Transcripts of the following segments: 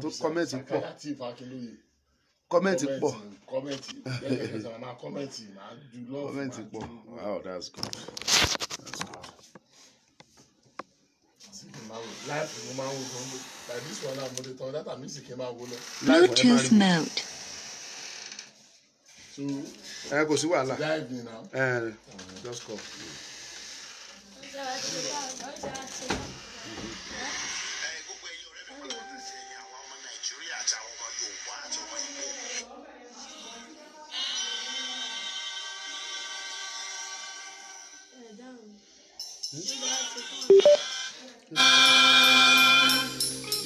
àwọn tó kọ́mẹ̀ntì pọ̀ kọ́mẹ̀ntì pọ̀ kọ́mẹ̀ntì pọ̀ wow that's good. Bluetooth mode. ẹ kò sí wàhálà eh, just call.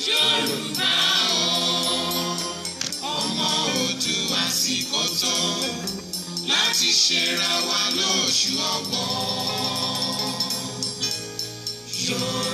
Yorùbá o ọmọ ojú àsìkò tó láti ṣera wa lóṣù ọgbọ̀n.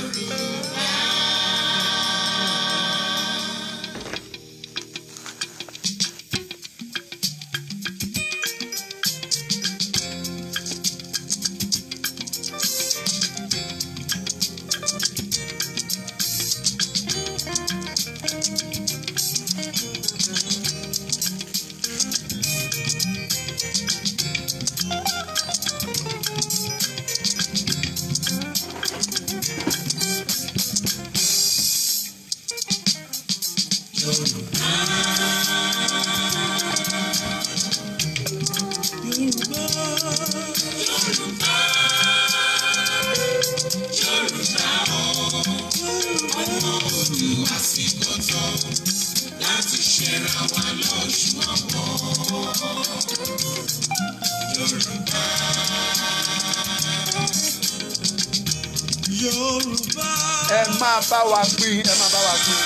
Yorùbá. Yorùbá. Yorùbá o. Ọmọ Olúwa sì gbọ́dọ̀ láti ṣera wa lóṣù ọ̀pọ̀. Yorùbá. Yorùbá. Ẹ máa bá wa pín, ẹ máa bá wa pín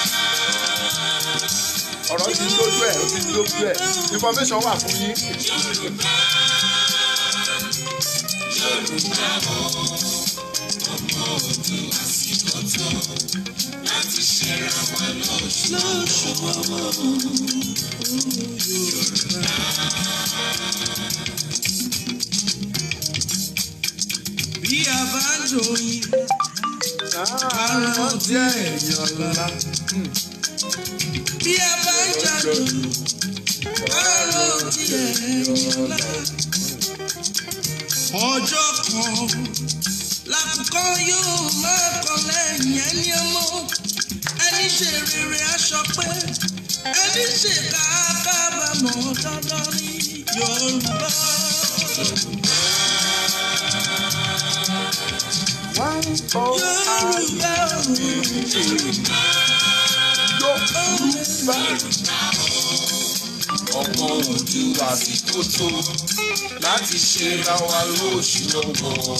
ọ̀rọ̀ ti lójú ẹ̀ lójú ẹ̀ information wà fún yín. Yorùbá o ọmọ ọdún àsìkòtò láti ṣera wa lọ́ṣọ̀wọ́ Yorùbá. Bí a bá ń dòyìn, àrùn tí èèyàn lọ́la. Bí ọjọ́ kan lákòókò yóò máa kọ lẹ́yìn ẹni ọmọ ẹni ṣe rere aṣọ pé ẹni ṣe káàkábàámọ̀ dandan ní Yorùbá. Yorùbá Yorùbá. ọ̀pọ̀ ojú àsìkò tó láti ṣe ra wa lóṣù lọ́wọ́.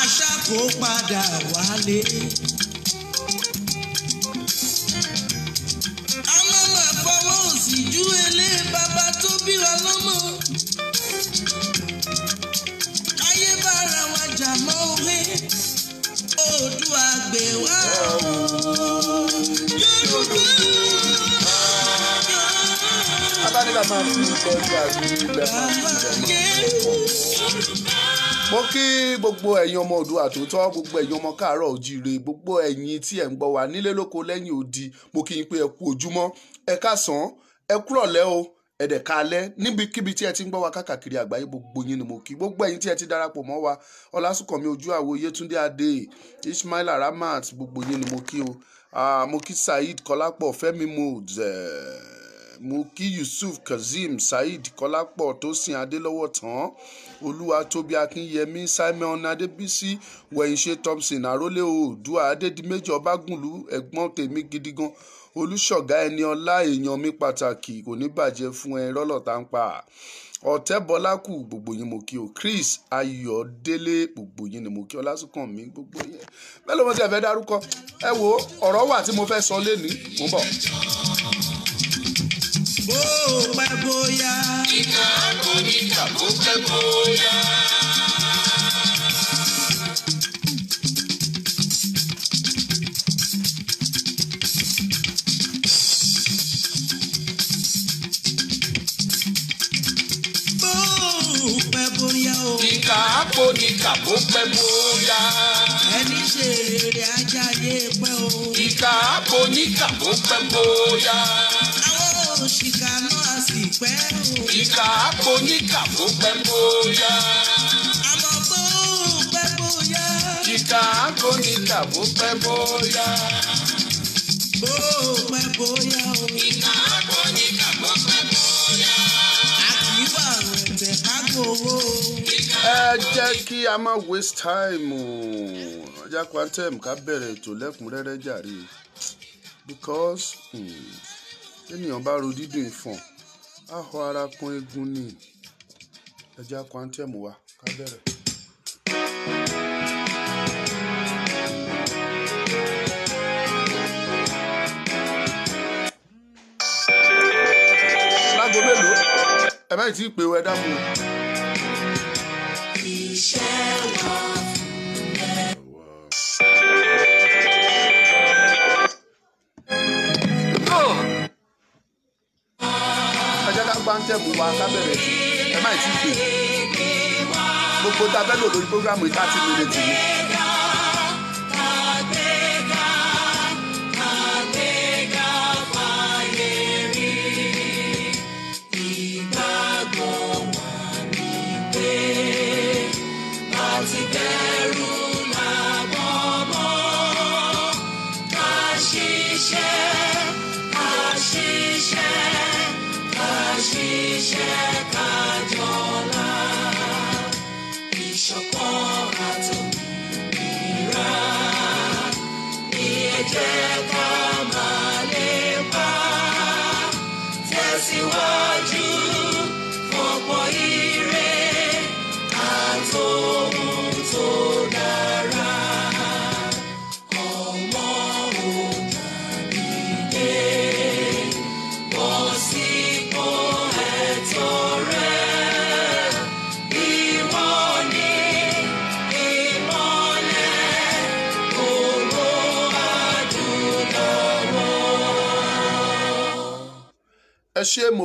àṣà kò padà wálé. máa fi kọjá ní ilẹ̀ máa fi ilẹ̀ máa mo kí gbogbo ẹ̀yin ọmọ Oòduà tòótọ́ gbogbo ẹ̀yin ọmọ káàárọ̀ òjíire gbogbo ẹ̀yin tí ẹ̀ ń gbọ́ wa nílé lóko lẹ́yìn odi mo kí yín pé ẹ kú ojúmọ́ ẹ káàsán ẹ kúrọ̀lẹ́ o ẹ̀dẹ̀ kalẹ̀ níbikíbi tí ẹ ti ń gbọ́ wa káàkiri àgbáyé gbogbo yín ni mo kí gbogbo ẹ̀yin tí ẹ ti darapọ̀ mọ́ wa ọlásùnkànmí ojú àwo yétúndé adé ismail aramat gbogbo yín ni mo kí o ah, mo kí saheed kọlápọ̀ fẹ́mi mood. Eh mo kí yusuf kazeem saheed kọ́lápọ̀ tósìn adélọ́wọ̀ tán olúwatóbi akínyẹmí simon adébísí wẹ̀yìnṣe thompson àrólé oòdùà adédìméjì ọbágùnlú ẹ̀gbọ́n tèmi gidi gan olùṣọ̀gá ẹni ọlá èèyàn mi pàtàkì kò ní bàjẹ́ fún ẹ rọ́lọ́ta ń pa ọ̀tẹ́bọlákù gbogbo yín mo kí o chris ayọ̀délé gbogbo yín ni mo kí ọlásùnkàn mi gbogbo yín bẹ́ẹ̀ ló mọ̀ sí ẹ̀fẹ́ dárúkọ ẹ wo ọ̀rọ̀ wà tí mo fẹ́ sọ lẹ́ni mo bọ̀ ó pẹ́ bóyá. Ìjà kò ní jà kó pẹ́ bóyá. Ìjà kò ní jà kó pẹ́ bóyá. Ẹni ṣe èrè ajá yé pẹ́ o. Ìjà kò ní jà kó pẹ́ bóyá. Àwọn òṣìkà pẹ́ o. ìkà àpò níkà kó pẹ́ bóyá. àmọ́ kó pẹ́ bóyá. ìkà àpò níkà kó pẹ́ bóyá. bó pẹ́ bóyá o. ìkà àpò níkà kó pẹ́ bóyá. a kì í wà ẹ jẹ́ kí a má waste time o ọjà quantum ká bẹ̀rẹ̀ ètò lẹ́kùnrẹ́rẹ́ jàre because hmm, ènìyàn bá ro dídùn ìfọ̀n àhọ ara kun egun ni ẹja kwantẹ́mù wa ká bẹ̀rẹ̀. lágbo ẹ bá yìí tí ì pè wọ ẹ dá mu. antẹ́mù wa kábẹ̀rẹ̀ sí ẹ má ì tí ì pè gbogbo tabẹ́lò lórí programu thirty minutes ni.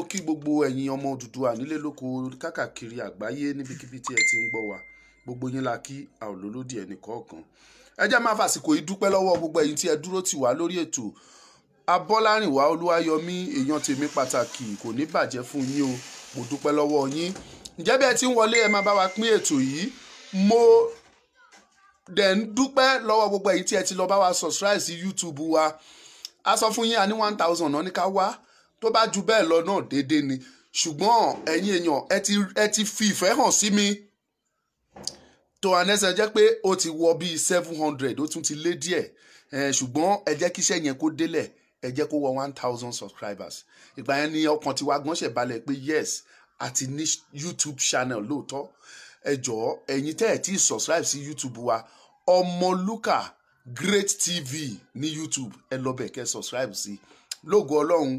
kí gbogbo ẹ̀yin ọmọ Odùduwà nílé lóko kákàkiri àgbáyé níbikíbi tí ẹ ti ń gbọ́ wa gbogbo yín la kí a ò lólódì ẹnì kọ̀ọ̀kan ẹ jẹ́ máa fàsìkò yìí dúpẹ́ lọ́wọ́ gbogbo ẹ̀yin tí ẹ dúró tì wá lórí ètò abọ́lárìnwá olúwayọmí èèyàn tèmi pàtàkì kò ní bàjẹ́ fún yín o mo dúpẹ́ lọ́wọ́ yín ǹjẹ́ bí ẹ ti ń wọlé ẹ máa bá wa pín ètò yìí mo dẹ̀ ń dúpẹ́ lọ́wọ́ gbogbo ẹ̀yin tí ẹ ti lọ bá wa subscribe sí YouTube wa a sọ fún yín a ní one thousand náà ní ká wá tó bá ju bẹ́ẹ̀ lọ náà déédéé ni ṣùgbọ́n ẹ̀yin èèyàn ẹ ti fi ìfẹ́ hàn sí mi Tohanesen jẹ́ pé ó ti wọ bíi seven hundred ó tún ti lé díẹ̀ ṣùgbọ́n ẹ jẹ́ kíṣẹ́ yẹn kó délẹ̀ ẹ jẹ́ kó wọ one thousand subscribers ìgbà yẹn ni ọkàn tiwa gan ṣẹ̀ balẹ̀ pé yes àti ní YouTube channel lóòótọ́ ẹ jọ̀ọ́ ẹ̀yin tẹ́ ẹ̀ tí subscribe sí YouTube wa Ọmọlúkà Great TV ní YouTube ẹ lọ bẹ̀ kẹ́ subscribe sí lógo ọlọ́run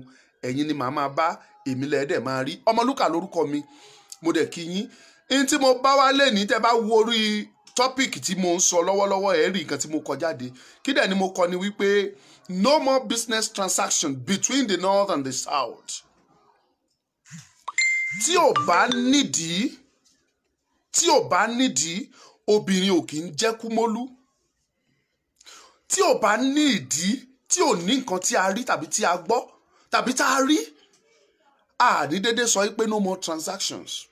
ẹ̀yin ni màá máa bá èmi lẹ́ẹ̀dẹ̀ máa rí ọmọlúkà lórúkọ mi mo dẹ̀ kí yín ní tí mo bá wá lè ní tẹ́ bá wo orí tọ́pìkì tí mo ń sọ lọ́wọ́lọ́wọ́ ẹ̀ rí nǹkan tí mo kọ jáde kí dẹ̀ ni mo kọ ni wípé no more business transaction between the north and the south tí ò bá nídìí tí ò bá nídìí obìnrin ò kì í jẹ́ kúmólú tí ò bá ní ìdí tí ò ní nǹkan tí a rí tàbí tí a gbọ́ tàbí tá a rí àdídédé sọ pé no more transactions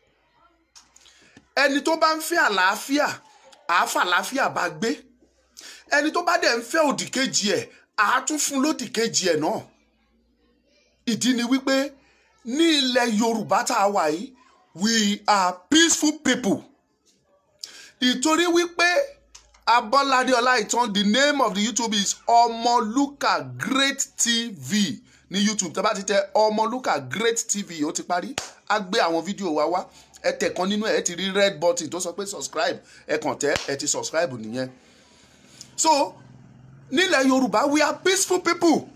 ẹni tó bá ń fẹ́ àlàáfíà àáfà àlàáfíà bá gbé ẹni tó bá dẹ̀ ń fẹ́ òdì kejì ẹ̀ àátún fún lódì kejì ẹ̀ náà ìdí ni wípé ní ilẹ̀ Yorùbá tá a wà yìí we are peaceful people ìtorí wípé Abọ́ládé Ọláìtàn the name of the YouTube is Omoluka Great TV ní youtube tẹ́ bá ti tẹ ọmọlúkà great tv ó ti parí á gbé àwọn fídíò wa wá ẹ tẹ̀ nínú ẹ̀ ẹ ti rí red button tó sọ pé subscribe ẹ kàn tẹ̀ ẹ ti subscribe nìyẹn so nílẹ̀ yorùbá we are peaceful people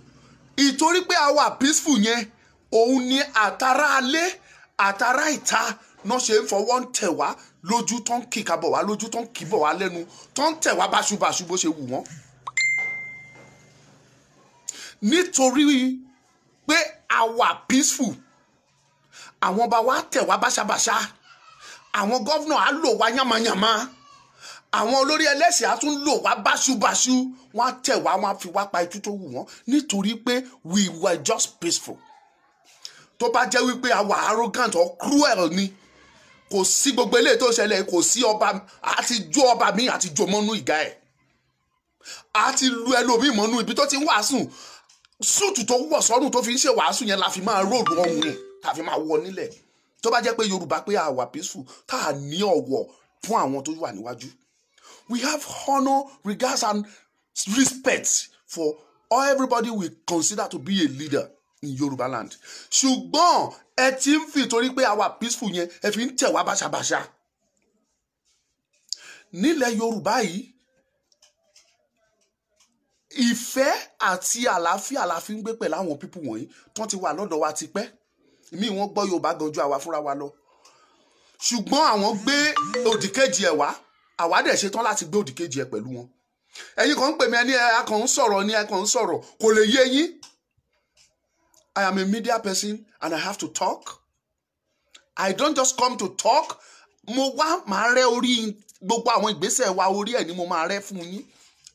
ìtorí pé a wà peaceful yẹn òun ni àtàrà alẹ́ àtàrà ìta náà ṣe ń fọwọ́ ń tẹ̀ wá lójú tó ń kíkà bọ̀ wá lójú tó ń kì bọ̀ wá lẹ́nu tó ń tẹ̀ wá báṣubàṣu bó ṣe wù wọ́n. nítorí pé àwa peaceful àwọn ọba wa tẹ̀ wá báṣabàṣá àwọn gọ́vnà á lò wá yánmayànmá àwọn olórí ẹlẹ́sìn á tún lò wá báṣubàṣu wọ́n á tẹ̀ wá wọ́n á fi wá pa itú tó wù wọ́n nítorí pé we were just peaceful tó bá jẹ́ wípé àwa arrogant or cruel ni kò sí gbogbo eléyìí tó ṣẹlẹ̀ kò sí ọba àti jó ọba mi àti jó ìgá ẹ̀ àti lu ẹlòmíì mọ́nú ibi tó ti ń wàásù súùtù tó wọ̀ sọ́rùn tó fi ń ṣe wàásù yẹn la fi máa róòlù ọ̀hún ni tàfi máa wọ nílẹ̀ tó bá jẹ́ pé yorùbá pé a wà tá a ní ọ̀wọ̀ fún àwọn tó wà níwájú we have honour regards and respect for all everybody we consider to be a leader in yorùbá land ṣùgbọ́n ẹ ti ń fi torí pé a wà peaceful yẹn ẹ fi ń tẹ̀ wá báṣabàṣa nílẹ̀ yorùbá yìí ìfẹ́ àti àlàáfíà la fi ń gbé pẹ̀lú àwọn pípù wọ̀nyí tán ti wà lọ́dọ̀ wa tipẹ́ ìmí wọn gbọ́ Yorùbá gan ju àwa fúnra wa lọ ṣùgbọ́n àwọn gbé òdìkejì ẹ̀ wá àwa dẹ̀ ṣetán láti gbé òdìkejì ẹ̀ pẹ̀lú wọn ẹ̀yin kan ń pè mí ẹni ẹ̀ akàn ń sọ̀rọ̀ ni ẹ̀ kàn ń sọ̀rọ̀ kò lè yé yín I am a media person and I have to talk I don't just come to talk mo wá máa rẹ́ orí gbogbo àwọn ìgbésẹ̀ wa orí ẹ̀ ni mo máa rẹ́ fún yín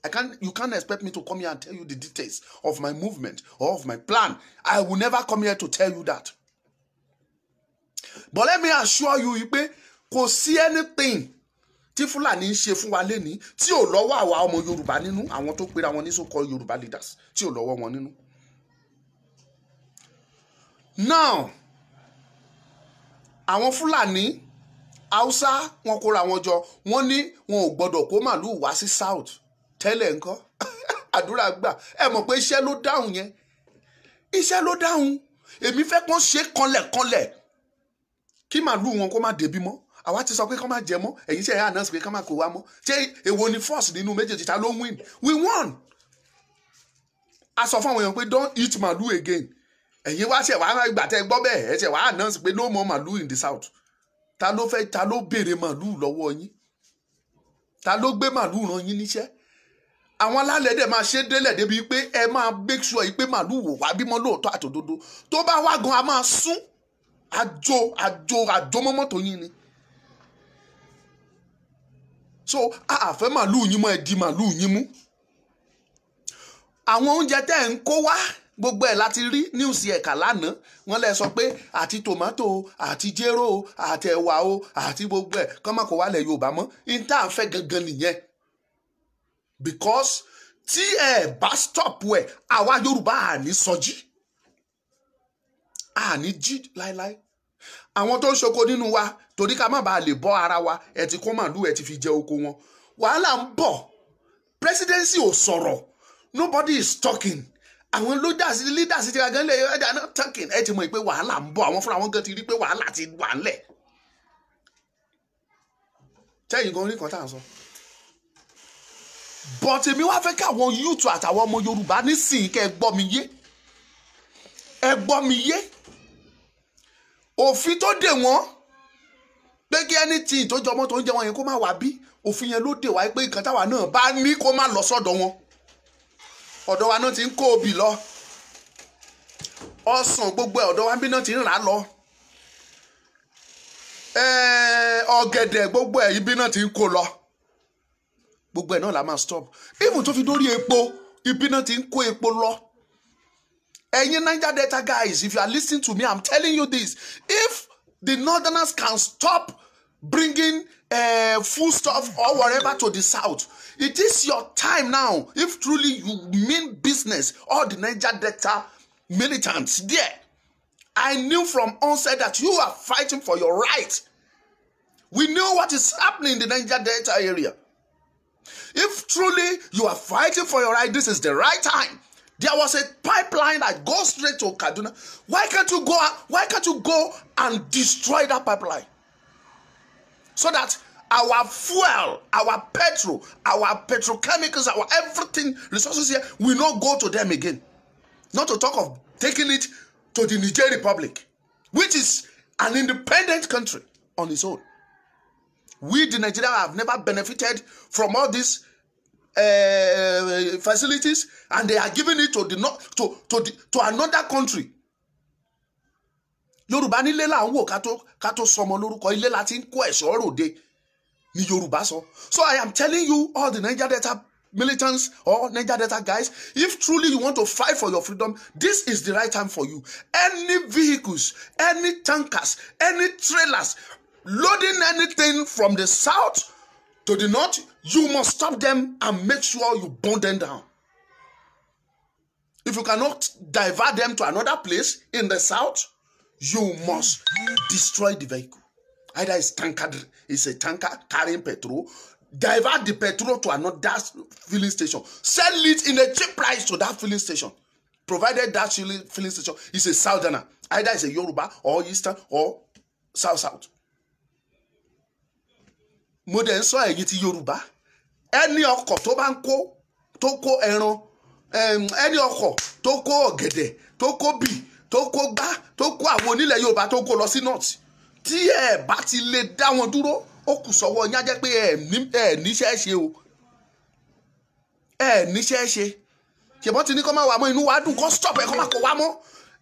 I can't you can't expect me to come here and tell you the details of my movement or of my plan. I will never come here to tell you that. But let me assure you pé kò sí anything tí Fúlàní ń ṣe wa leni tí ò lọ́wọ́ àwa ọmọ Yorùbá nínú àwọn tó pera wọn ní so call Yorùbá leaders tí ò lọ́wọ́ wọn nínú. Now àwọn Fúlàní Haúsá wọn kóra wọn jọ wọn ní wọn ò gbọdọ̀ kó màlúù wá sí South tẹ́lẹ̀ ńkọ́ àdúrà gbà ẹ mọ̀ pé iṣẹ́ ló dáhùn yẹn iṣẹ́ ló dáhùn èmi fẹ́ kàn ṣe kanlẹ̀kanlẹ̀ kí màálù wọn kó má débi mọ́ àwa ti sọ pé kán má jẹ mọ́ ẹ̀yin ṣe ẹ̀yà nọ́ọ̀sì pé kán má kó wa mọ́ ṣé èwo ni force nínú méjèèjì ta ló ń win we won a sọ fún àwọn èèyàn pé don't eat màálù again ẹ̀yin wá ṣe wàá gbà tẹ́ gbọ́ bẹ́ẹ̀ ẹ̀ ṣe wàá nọ́ọ̀sì pé no more màálù in the south ta ló fẹ́ ta ló béèrè màálù lọ́wọ́ yín ta ló gbé màálù ràn yín níṣẹ́ àwọn alálẹ̀ dẹ̀ máa ṣe délẹ̀ débi pé ẹ máa make sure yìí pé màlúù wò wá bímọ lóòótọ́ àtòdodo tó bá wá gan a máa sún àjò àjò àjòmọ́mọ́ tó yín ni so àfẹ́ màlúù yín mọ́ ẹ di màlúù yín mú àwọn oúnjẹ tẹ́ ẹ̀ ń kó wá gbogbo ẹ̀ láti rí níwùsì ẹ̀ka lánàá wọ́n lẹ sọ pé àti tòmátò àti jéró àti ẹ̀wà o àti gbogbo ẹ̀ kọ́mọ̀kọ́ wálẹ̀ Yorùbá mọ́ ní tá à ń fẹ́ gangan nìyẹn because tí ẹ bá stop ẹ àwa Yorùbá àní sọjí àní jí láéláé àwọn tó ń ṣoko nínú wa torí ká má bàa lè bọ́ ara wa ẹ ti kó màlúù ẹ ti fi jẹ oko wọn wàhálà ń bọ̀ presidency ò sọ̀rọ̀ nobody is talking àwọn leaders leaders ti ra gan lẹ ẹ dáná talking ẹ ti mọ̀ pé wàhálà ń bọ̀ àwọn fúnra wọn gan ti rí pé wàhálà ti wà ńlẹ̀ tẹ́yìn gan orí kan tá à ń sọ. So but èmi wá fẹ́ káwọn yúùtù àtàwọn ọmọ yorùbá nísìnyí kẹ́ ẹ gbọ́ mi yé ẹ gbọ́ mi yé òfin tó dè wọ́n pé kí ẹni tí ìtọ́jú ọmọ tó ń jẹ wọn yẹn kó má wà bí òfin yẹn ló dè wá pé nǹkan táwa náà bá ní kó má lọ sọ́dọ̀ wọn ọ̀dọ̀ wa náà ti ń kó obì lọ ọsàn gbogbo ẹ̀ ọ̀dọ̀ wa bí náà ti ń rà á lọ ọ̀gẹ̀dẹ̀ gbogbo ẹ̀ ibi náà ti ń kó lọ gbogbo ẹ̀ náà la máa stop even tó fi dórí epo ibi náà ti ń kó epo lọ ẹ̀yin niger delta guys if you are listening to me i'm telling you this if the northerners can stop bringing uh, eh, stuff or whatever to the south. It is your time now. If truly you mean business, all the Niger Delta militants there, I knew from onset that you are fighting for your right. We know what is happening in the Niger Delta area. If truly you are fighting for your right, this is the right time. There was a pipeline that goes straight to Kaduna. Why can't you go? Why can't you go and destroy that pipeline? So that our fuel, our petrol, our petrochemicals, our everything resources here will not go to them again. Not to talk of taking it to the Niger Republic, which is an independent country on its own. We, the Nigerians, have never benefited from all this Uh, facilities and they are giving it to the to to the, to another country yorùbá nílé là ń wò ká tó ká tó sọmọ lórúkọ ilé la ń kó ẹ̀ṣọ́ ròde ni yorùbá sọ so i am telling you all the niger delta militants or niger delta guys if truly you want to fight for your freedom this is the right time for you any vehicles any tankers any trailers loading anything from the south to the north, you must stop them and make sure you burn them down. If you cannot divert them to another place in the south, you must destroy the vehicle. Either it's tanker, it's a tanker carrying petrol. Divert the petrol to another filling station. Sell it in a cheap price to that filling station. Provided that filling station is a southerner, either it's a Yoruba or Eastern or South South mo dẹ̀ ń sọ ẹ̀yin ti yorùbá ẹni ọkọ̀ tó bá ń kó tó kó ẹran ẹni ọkọ̀ tó kó ọ̀gẹ̀dẹ̀ tó kó bì tó kó gbá tó kó àwọn onílẹ̀ yorùbá tó kó lọ sí north tí ẹ bá ti lè dá wọn dúró ó kù sọ́wọ́ yín á jẹ́ pé ẹ níṣẹ́ ṣe o ẹ níṣẹ́ ṣe ṣèbọ́n ti ní kọ́ máa wà mọ́ inú wa dùn kọ́ stop ẹ̀ kọ́ máa kọ́ wa mọ́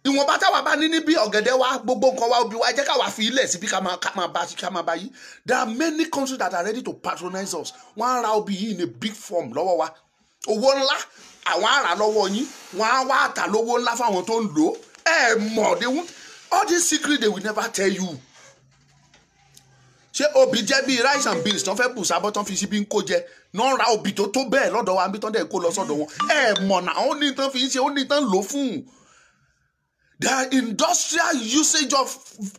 ìwọ̀nba táwa bá ní níbi ọ̀gẹ̀dẹ̀ wa gbogbo nǹkan wa obì wa jẹ́ káwa fi ilẹ̀ síbi ká máa bá ká there are many countries that are ready to patronize us wọ́n á ra obì yìí in a big form lọ́wọ́ wa owó ńlá àwọn á rà lọ́wọ́ yín wọ́n á wá tà lówó ńlá fáwọn tó ń lò ó ẹ mọ̀ they won't all these secrets they will never tell you ṣé obì jẹ́ bíi rice and beans tán fẹ́ bù sábọ́ tán fi sí bí ń kó jẹ náà ra obì tó tó bẹ́ẹ̀ lọ́dọ̀ wa bí tán dẹ̀ kó lọ sọ́dọ̀ wọn ẹ mọ̀ náà ó ní the industrial usage of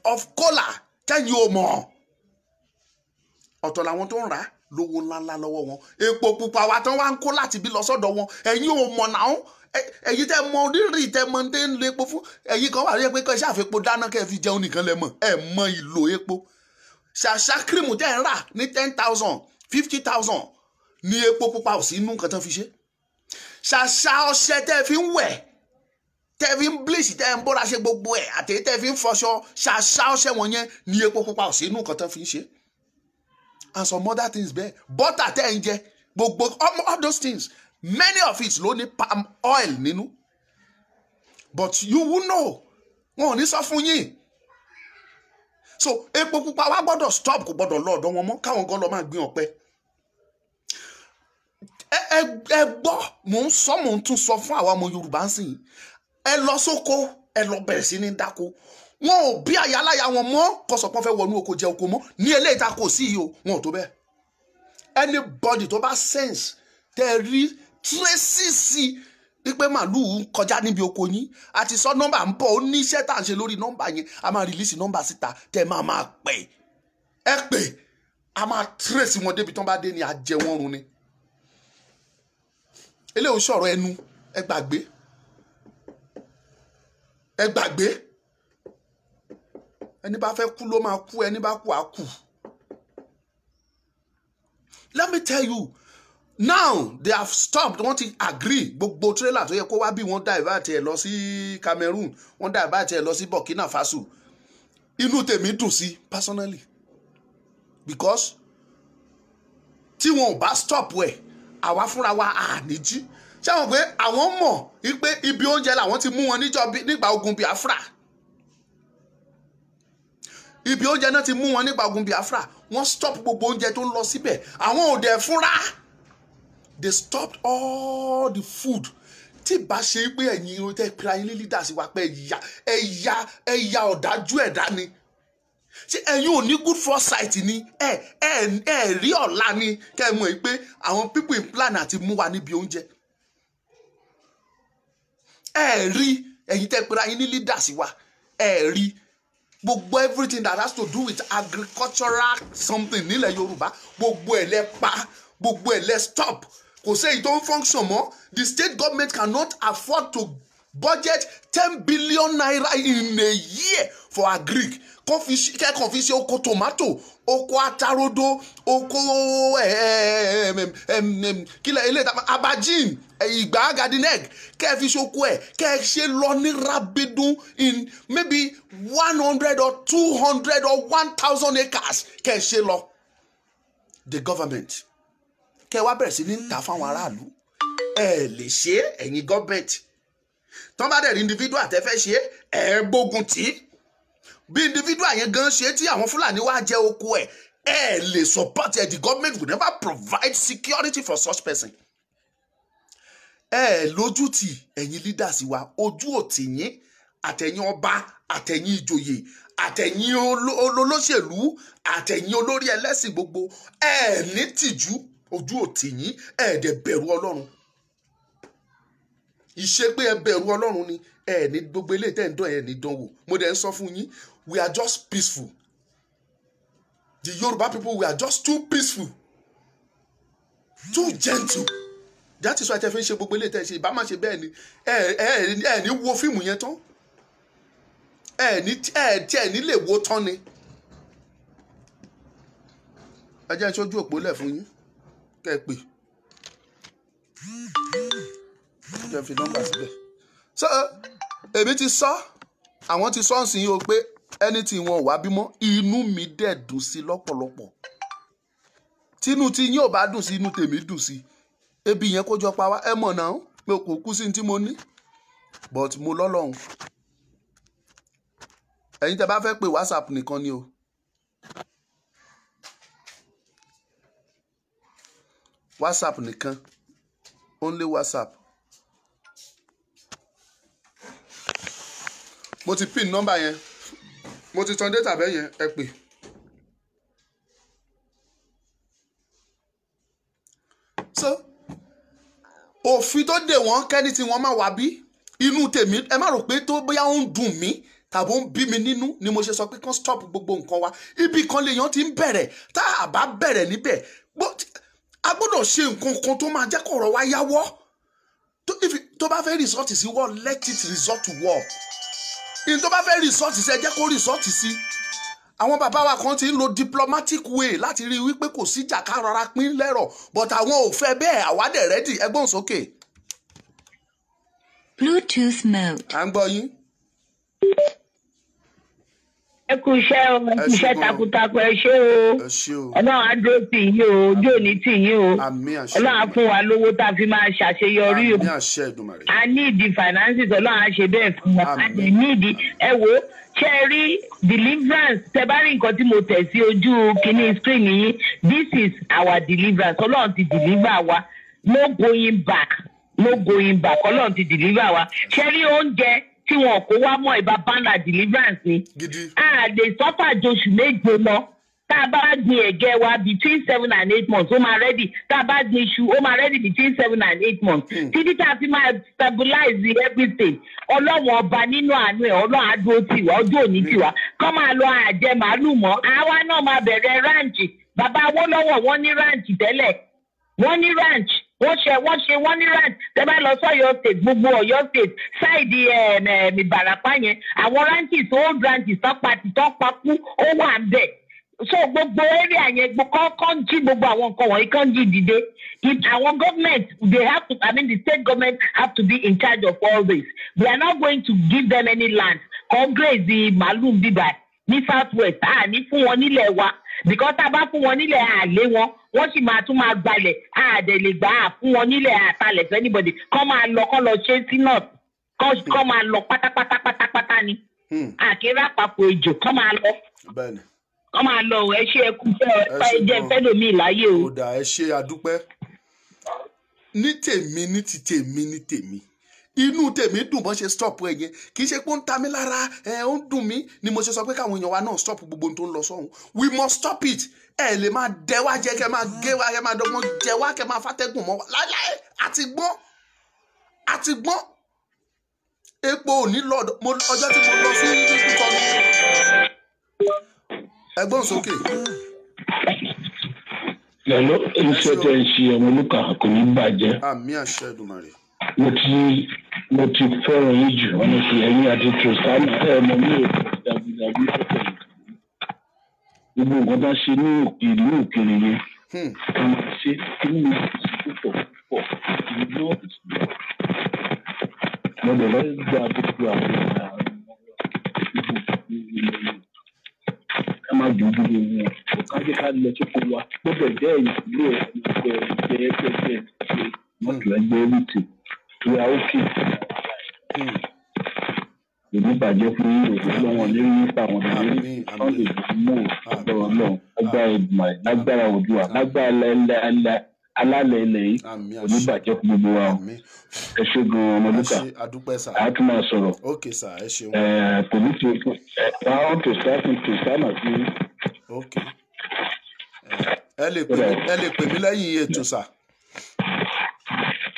of kola kẹ́yìn ò mọ̀ ọ̀tọ̀ làwọn tó ń rà á lówó ńláńlá lọ́wọ́ wọn epo pupa wa tán wá ń kó láti bí lọ sọ́dọ̀ wọn ẹ̀yin ò mọ̀ náà ẹ̀yin tẹ́ mọ rírì tẹ́ mọ dé ń lo epo fún ẹ̀yin kan wà lóye pé kọ́ ẹ ṣàfẹ́po dáná kẹ́ ẹ fi jẹun nìkan lẹ mọ̀ ẹ mọ ìlò epo ṣàṣà kírìmù tẹ́ ń rà ní ten thousand fifty thousand ní epo pupa ò sí inú nǹkan tán fi ṣe ṣàṣà ọṣẹ tẹ́ fi ń wẹ̀ tẹ́ fi ń bleach tẹ́ ń bóra ṣe gbogbo ẹ̀ àti tẹ́ fi ń fọṣọ ṣaṣá ọṣẹ wọn yẹn ní epo pupa ò sí inú nǹkan tán fi ń ṣe and some other things bẹ́ẹ̀ bọ́tà tẹ́ ń jẹ gbogbo all those things many of it ló ní palm oil nínú but you will know wọn ò ní sọ fún yín so epo pupa wa gbọ́dọ̀ stop kò gbọ́dọ̀ lọ ọ̀dọ̀ wọn mọ́ káwọn gan lọ máa gbin ọ̀pẹ ẹ gbọ́ mò ń sọ mò ń tún sọ fún àwa ọmọ Yorùbá ń sìn ẹ lọ sóko ẹ lọ bẹ̀rẹ̀ sí ní dáko wọn ò bí àyáláyà wọn mọ́ kọsọ̀pọ̀ fẹ́ wọnú oko jẹ oko mọ́ ní eléyìí ta kò sí yìí o wọn ò tó bẹ́ẹ̀ anybody tó bá sense tẹ rí tírẹ́sìsì wípé màlúù ń kọjá níbi oko yín àti sọ nọ́mbà ń bọ̀ ó ní iṣẹ́ tá à ń ṣe lórí nọ́mbà yẹn a máa rìlísì nọ́mbà síta tẹ máa máa pè ẹ pè a máa tírẹ́sì wọn débi tán bá dé ni àjẹwọ́n run ni eléyìí sọ̀rọ̀ ẹnu ẹ gbàgbé ẹ gbàgbé ẹni bá fẹ́ kú ló máa kú ẹni bá kú á kú. let me tell you now they have stopped wọ́n ti agree gbogbo tírélà tó yẹ kó wá bí wọ́n divert ẹ̀ lọ sí Cameroon wọ́n divert ẹ̀ lọ sí Burkina Faso inú tèmi dùn sí personally because tí wọn ò bá stop ẹ̀ àwa fúnra wa àníjí. Ah, ṣáwọn pé àwọn mọ̀ wípé ibi oúnjẹ làwọn ti mú wọn nígbà ogun Biafra ibi oúnjẹ náà ti mú wọn nígbà ogun Biafra wọ́n stop gbogbo oúnjẹ tó ń lọ síbẹ̀ àwọn ò dẹ̀ fúnra they stopped all the food tí ìbá ṣe pé ẹ̀yin irun tẹ́ pera yín lílídà sí wa pé ẹ̀yà ẹ̀yà ẹ̀yà ọ̀dájú ẹ̀dá ni ṣé ẹ̀yin ò ní good foresight ni ẹ̀ ẹ̀ ẹ̀ rí ọ̀la ni kẹ́ ẹ mọ̀ pé àwọn people in plan àti mú wa níbi oúnjẹ ẹ rí ẹ̀yin tẹ́ pera yín ní leaders wa ẹ rí gbogbo everything that has to do with agricultural something nílẹ̀ yorùbá gbogbo ẹ̀ lẹ pa gbogbo ẹ̀ lẹ stop kò séyìí tó ń function mọ́ the state government cannot afford to budget ten billion naira in a year for agric kẹ́kàn fi ṣe oko tomato oko atarodo oko kílẹ̀ ilé ìtàkùn abajin ìgbà gardenegg kẹ́ ẹ fi ṣoko ẹ̀ kẹ́ ẹ ṣe lọ ní rabidun in maybe one hundred or two hundred or one thousand acres kẹ́ ẹ ṣe lọ the government kẹ́ ẹ wá bẹ̀rẹ̀ sí ní ta fáwọn aráàlú ẹ lè ṣe ẹ̀yin government tán bá dẹ̀ rí individual àtẹ́fẹ́ ṣe ẹ̀ gbógun tì bí individual yẹn gan ṣe tí àwọn fúlàní wá jẹ oko ẹ̀ ẹ lè support ẹ̀ the government will never provide security for such person ẹ ẹ lójútì ẹ̀yin leaders wa ojú òtì yín àtẹ̀yin ọba àtẹ̀yin ìjòyè àtẹ̀yin olóṣèlú àtẹ̀yin olórí ẹlẹ́sìn gbogbo ẹ ẹ ní tìjú ojú òtì yín ẹ ẹ dẹ̀ bẹ̀rù ọlọ́run ìṣe ẹ bẹ̀rù ọlọ́run ni ẹ ẹ ní gbogbo ilé tẹ̀ ń dán ẹ ní dánwò mo dẹ̀ ń sọ fún yín we are just peaceful the Yoruba people we are just too peaceful too gentle that is why tẹ fi ń ṣe gbogbo ilé tẹ ṣe ìbámu ṣe bẹ́ẹ̀ ni ẹ ní wo fíìmù yẹn tán ẹ ní tí ẹ ní lè wo tán ni. ẹ jẹ́ ìṣojú òpó lẹ̀ fún yín kẹ́ ẹ pè jẹ́ fi nọ́mbà síbẹ̀. so èmi ti sọ àwọn ti sọ́ọ̀sì yìí o pé ẹni tí wọn ò wá bímọ inú mi dẹ̀ dùn sí lọ́pọ̀lọpọ̀ tínú tí yín ò bá dùn sí inú tèmi dùn sí i ebi yẹn kó jọ pa wá ẹ mọ̀ náà mi ò kò kú sí tí mo ní but mo lọ́lọ́run ẹ̀yin tẹ́ bá fẹ́ pè whatsapp nìkan ni o. whatsapp nìkan only whatsapp mo ti pin number yẹn mo ti tan data bẹ́ẹ̀ yẹn ẹ pè. òfin tó dè wọ́n kẹ́ni tí wọ́n máa wà bí inú tèmi ẹ má rò pé tó bóyá ó ń dùn mí tàbí ó ń bí mi nínú ni mo ṣe sọ pé kán stop gbogbo nǹkan wa ibì kan lèèyàn ti ń bẹ̀rẹ̀ tá a bá bẹ̀rẹ̀ níbẹ̀ a gbọ́dọ̀ ṣe nǹkan kan tó máa jẹ́ kọ̀rọ̀ wa yáwọ́ tó bá fẹ́ resort sí wọ́ let it resort wọ́ ìyẹn tó bá fẹ́ resort sí ẹ jẹ́ kó resort sí àwọn bàbá wa kan ti ń lo diplomatic way láti rí wípé kò síjà ká rọra pín lẹ́rọ̀ but àwọn ò fẹ́ bẹ́ẹ̀ àwádẹ̀ rẹ́dì ẹgbọ́n sókè. Bluetooth mode. à ń gbọ́ yín ẹ iṣẹ́ o ẹ iṣẹ́ takuntakun ẹ ṣé o ọlọ́run á dúró tì yín o ojú òní tì yín o ọlọ́run á fún wa lówó tá a fi máa ṣàṣeyọrí o a ní ìdí finances ọlọ́run á ṣe bẹ́ẹ̀ fún wa a lè ní ìdí ẹ wo ṣe rí deliverance tẹ bá rí nǹkan tí mo tẹ̀ sí ojú kínní screen yín this is our deliverance ọlọ́run ti deliver wa no going back no going back ọlọ́run ti deliver wa ṣe rí oúnjẹ tí wọn kò wá mọ ìbá bánà deliverance ni a lè sọ́fà joṣù méje lọ tá a bá gbin ẹ̀gẹ́ wa between seven and eight months ó máa ready tá a bá gbin iṣu ó máa ready between seven and eight months hmm. títí tá a fi máa stabilize everything ọlọ́wọ̀n ọba nínú àánú ẹ̀ ọlọ́run àdúró tiwa ọjọ́ òní tiwa kọ́ máa lọ àjẹ màálù mọ́ àwa náà máa bẹ̀rẹ̀ ranch. bàbá Awólọ́wọ̀ wọ́n ní ráǹchì tẹ́lẹ̀ wọ́n ní ranch wọ́n ṣe wọ́n ṣe wọ́n ní rand tẹ́ bá lọ sí ọ̀yọ́ state gbogbo ọ̀yọ́ state ṣáìdì ìbàràpá eh, eh, yẹn àwọn ranches old ranches tán pati tán pakú ó wà ń bẹ̀ so gbogbo area yẹn kọ́kọ́ ń jí gbogbo àwọn nǹkan wọ̀nyí kan jí dìde àwọn government they have to i mean the state government have to be in charge of all this we are not going to give them any land congress the Malum bíbá ní south west àní fún wọn nílẹ̀ wa because tá a bá fún wọn nílẹ̀ àlé wọn wọ́n sì máa tún máa gbalẹ̀ àdẹ̀ lè gbà á fún wọn nílẹ̀ àtàlẹ̀ fún anybody kọ́ máa lọ kọ́ lọ ṣe sí náà kọ́ máa lọ pátápátá pátápátá ni hmm. àkéré àpapọ̀ èjò kọ́ máa lọ kọ́ máa lọ ẹ ṣe ẹkú fẹ́ ẹ jẹ́ fẹ́lòmíì láyé o. ó dà ẹ ṣe àdúpẹ́ ní tèmi ní ti tèmi ní tèmi inú tèmi dùn bọ́n ṣe stop ẹ yẹn kì í ṣe pé ó ń ta mí lára ẹ ó ń dùn mí ni mo ṣe sọ pé káwọn èèyàn wa náà stop gbogbo tó ń lọ sọ́hún we must stop it ẹ lè máa dẹ wá jẹ kẹ máa gé wá kẹ máa dọgbọn jẹ wá kẹ máa fàtẹ́gùn mọ́ wá láyé àti gbọ́n àti gbọ́n epo ò ní lọ ọjọ́ tí mo lọ sí ìtọ́ni ẹgbọ́n sókè. lọ́lọ́ iṣẹ́ tẹ̀ ọmọlúkà kò ní bàjẹ́. àmì àṣẹ Èdùmàrè mo ti mo ti fẹ́ràn yín jù honestly ẹ̀yin àti tòsánà ẹ̀ mọ̀ mí ò dàbídàbí pẹ̀lú gbogbo nǹkan bá ṣe ní ìlú òkèèrè yẹn ẹ máa ṣe kí ni púpọ̀ púpọ̀ ìlú mo dẹ̀ lọ́ gba gbogbo àwọn àwọn ká má dùn dúró wọn ká jẹ́ ká lọ sóko wa gbọ́dọ̀ jẹ́ ìlú ẹ̀ ẹ̀jẹ̀ ẹ̀jẹ̀ ẹ̀jẹ̀ mọ́tò ẹgbẹ́ ẹ̀rù tì ìyá òkè ìlú bàjẹ́ fún òkú lọ́wọ́n ní nípa àwọn ìlú wọ́n lè mú ọ̀dọ́ ọlọ́run lágbára ìgbìmọ̀ lágbára òdùwà lágbára lẹ́lẹ́lẹ́ alálẹ̀ ilẹ̀ yìí òní bàjẹ́ fún gbogbo wa ẹ ṣe gan-an ọmọlúkà àti máa sọ̀rọ̀ kò ní ti àwọn kìrìsìtánì kìrìsìtánì sí. ẹ lè pè mí lẹ́yìn ètò sáà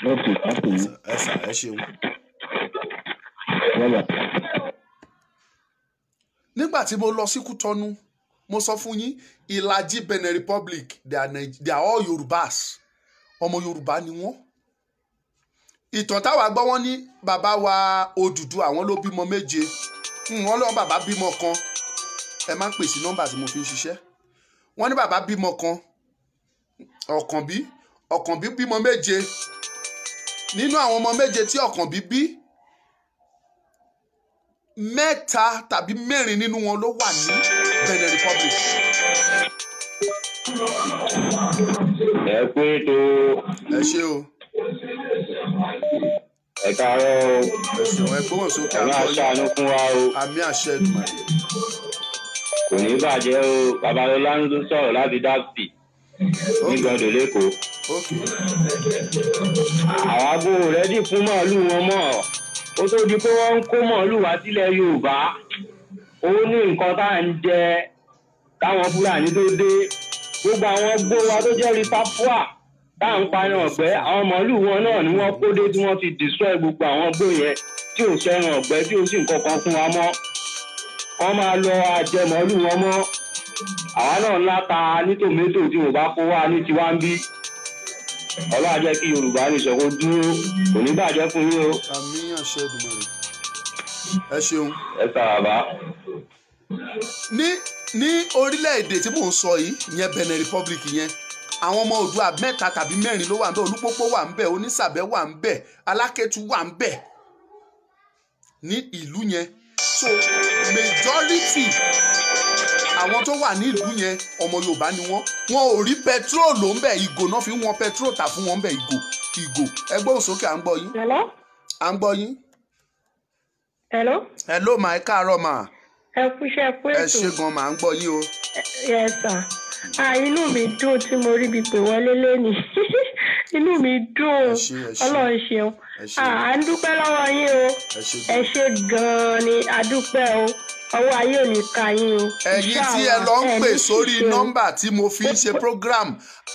okay after you. ẹ sà ẹ ṣeun. nígbà tí mo lọ sí Kútọ́nù mo sọ fún yín ìlàjì Benin Republic they are, they are all Yorùbás ọmọ Yorùbá ni wọ́n ìtàn táwa gbọ́ wọ́n ní bàbá wa Odùduwà àwọn ló bímọ méje hmm, wọ́n lọ́wọ́ bàbá bímọ kan ẹ má pèsè nọ́mbà tí mo fi ń ṣiṣẹ́ wọ́n ní bàbá bímọ kan ọ̀kànbí ọ̀kànbí bímọ méje nínú àwọn ọmọ méje tí ọ̀kànbí bí mẹ́ta tàbí mẹ́rin nínú wọn ló wà ní Benin Republic. ẹ pé tó. ẹ ṣe o. ẹ káàárọ̀ o. ẹ ṣeun ẹ gbóhùn sókè àgbọ̀yé. ẹ̀mí àṣàánú fún wa o. àmì àṣẹ ìdùnnà. kò ní bàjẹ́ o babalọ́lá ń sọ̀rọ̀ láti dá sí i nígbàdàn lẹ́kọ̀ọ́ àwọn agbóhùn rẹ dì fún màálù wọn mọ́ ó tó di pé wọ́n ń kó màálù wá sílẹ̀ Yorùbá ó ní nǹkan tá à ń jẹ táwọn Fúlàní tó dé gbogbo àwọn gbó wa tó jẹ́ rìpápúà tá à ń payan ọ̀gbẹ́ àwọn màálù wọn náà ni wọ́n kó dé tí wọ́n ti destroy gbogbo àwọn gbó yẹn tí ò sẹ́ran ọ̀gbẹ́ tí ò sì nǹkan kan fún wa mọ́ wọ́n máa lọ àjẹmọ́lù wọn mọ́ àwa náà ńlá ta ní tòmẹ́tò tí ò bá kó wa ní tiwa ọlọ́run á jẹ́ kí yorùbá nìṣọ́ kó dúró kò ní bàjẹ́ fún yín o. àmì àṣẹ ìdùnnú ẹ ṣeun. ẹ sàràbà. ní ní orílẹ̀-èdè tí mò ń sọ yìí ìyẹn Benin Republic yẹn àwọn ọmọ Oòduà mẹ́ta tàbí mẹ́rin ló wà ń bẹ̀ Olúpópó wà ń bẹ̀ Onísàbẹ̀ wà ń bẹ̀ Alákétu wà ń bẹ̀ ní ìlú yẹn so majority àwọn tó wà ní yẹn ọmọ Yorùbá ni wọ́n wọn ò rí pẹtrol ń bẹ ìgò náà fi ń wọn pẹtrol tà fún wọn ń bẹ ìgò ìgò ẹ gbóhùn à ń gbọ́ yín. hello. à ń gbọ́ yín. hello. hello ma ẹ káàárọ̀ ma. ẹ kú iṣẹ́ ẹ ètò. ẹ ṣe gan ma ń gbọ́ yín o. yes sir. ah inú mi dùn tí mo rí ibi pè wọlé lónìí. inú mi dùn ọlọ́run ṣeun ah, à ń yín o ẹ ṣe gan-an ni a o ọwọ́ ayé ò ní ka yín o. ẹ̀yin tí ẹ lọ ń pè sórí nọ́mbà tí mo fi ń ṣe program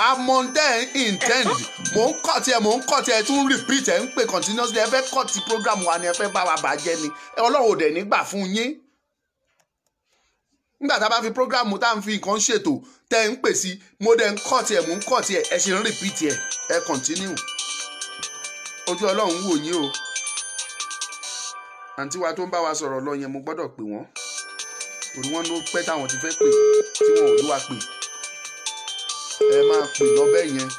amondel intend mò ń kọ́ tí ẹ mò ń kọ́ tí ẹ tún repeat ẹ ń pè continuously ẹ fẹ́ kọ́ ti program wa ni ẹ fẹ́ bá wa bàjẹ́ ni ọlọ́run ò dẹ̀ nígbà fún yín nígbà tá a bá fi prógrámù tá a fi nǹkan ṣètò tẹ́ ń pè sí mo dẹ̀ ń kọ́ tiẹ̀ mò ń kọ́ tiẹ̀ ẹ ṣe ń rìpíìtì ẹ̀ ẹ kọ̀ntínú ojú ọlọ́run wò yín o àǹtí wa tó ń bá wa sọ̀rọ̀ lọ yẹn mo gbọ́dọ̀ pè wọ́n òní wọ́n ló pẹ́ táwọn ti fẹ́ pè tí wọn ò ní wa pè ẹ máa pè lọ́bẹ̀ yẹn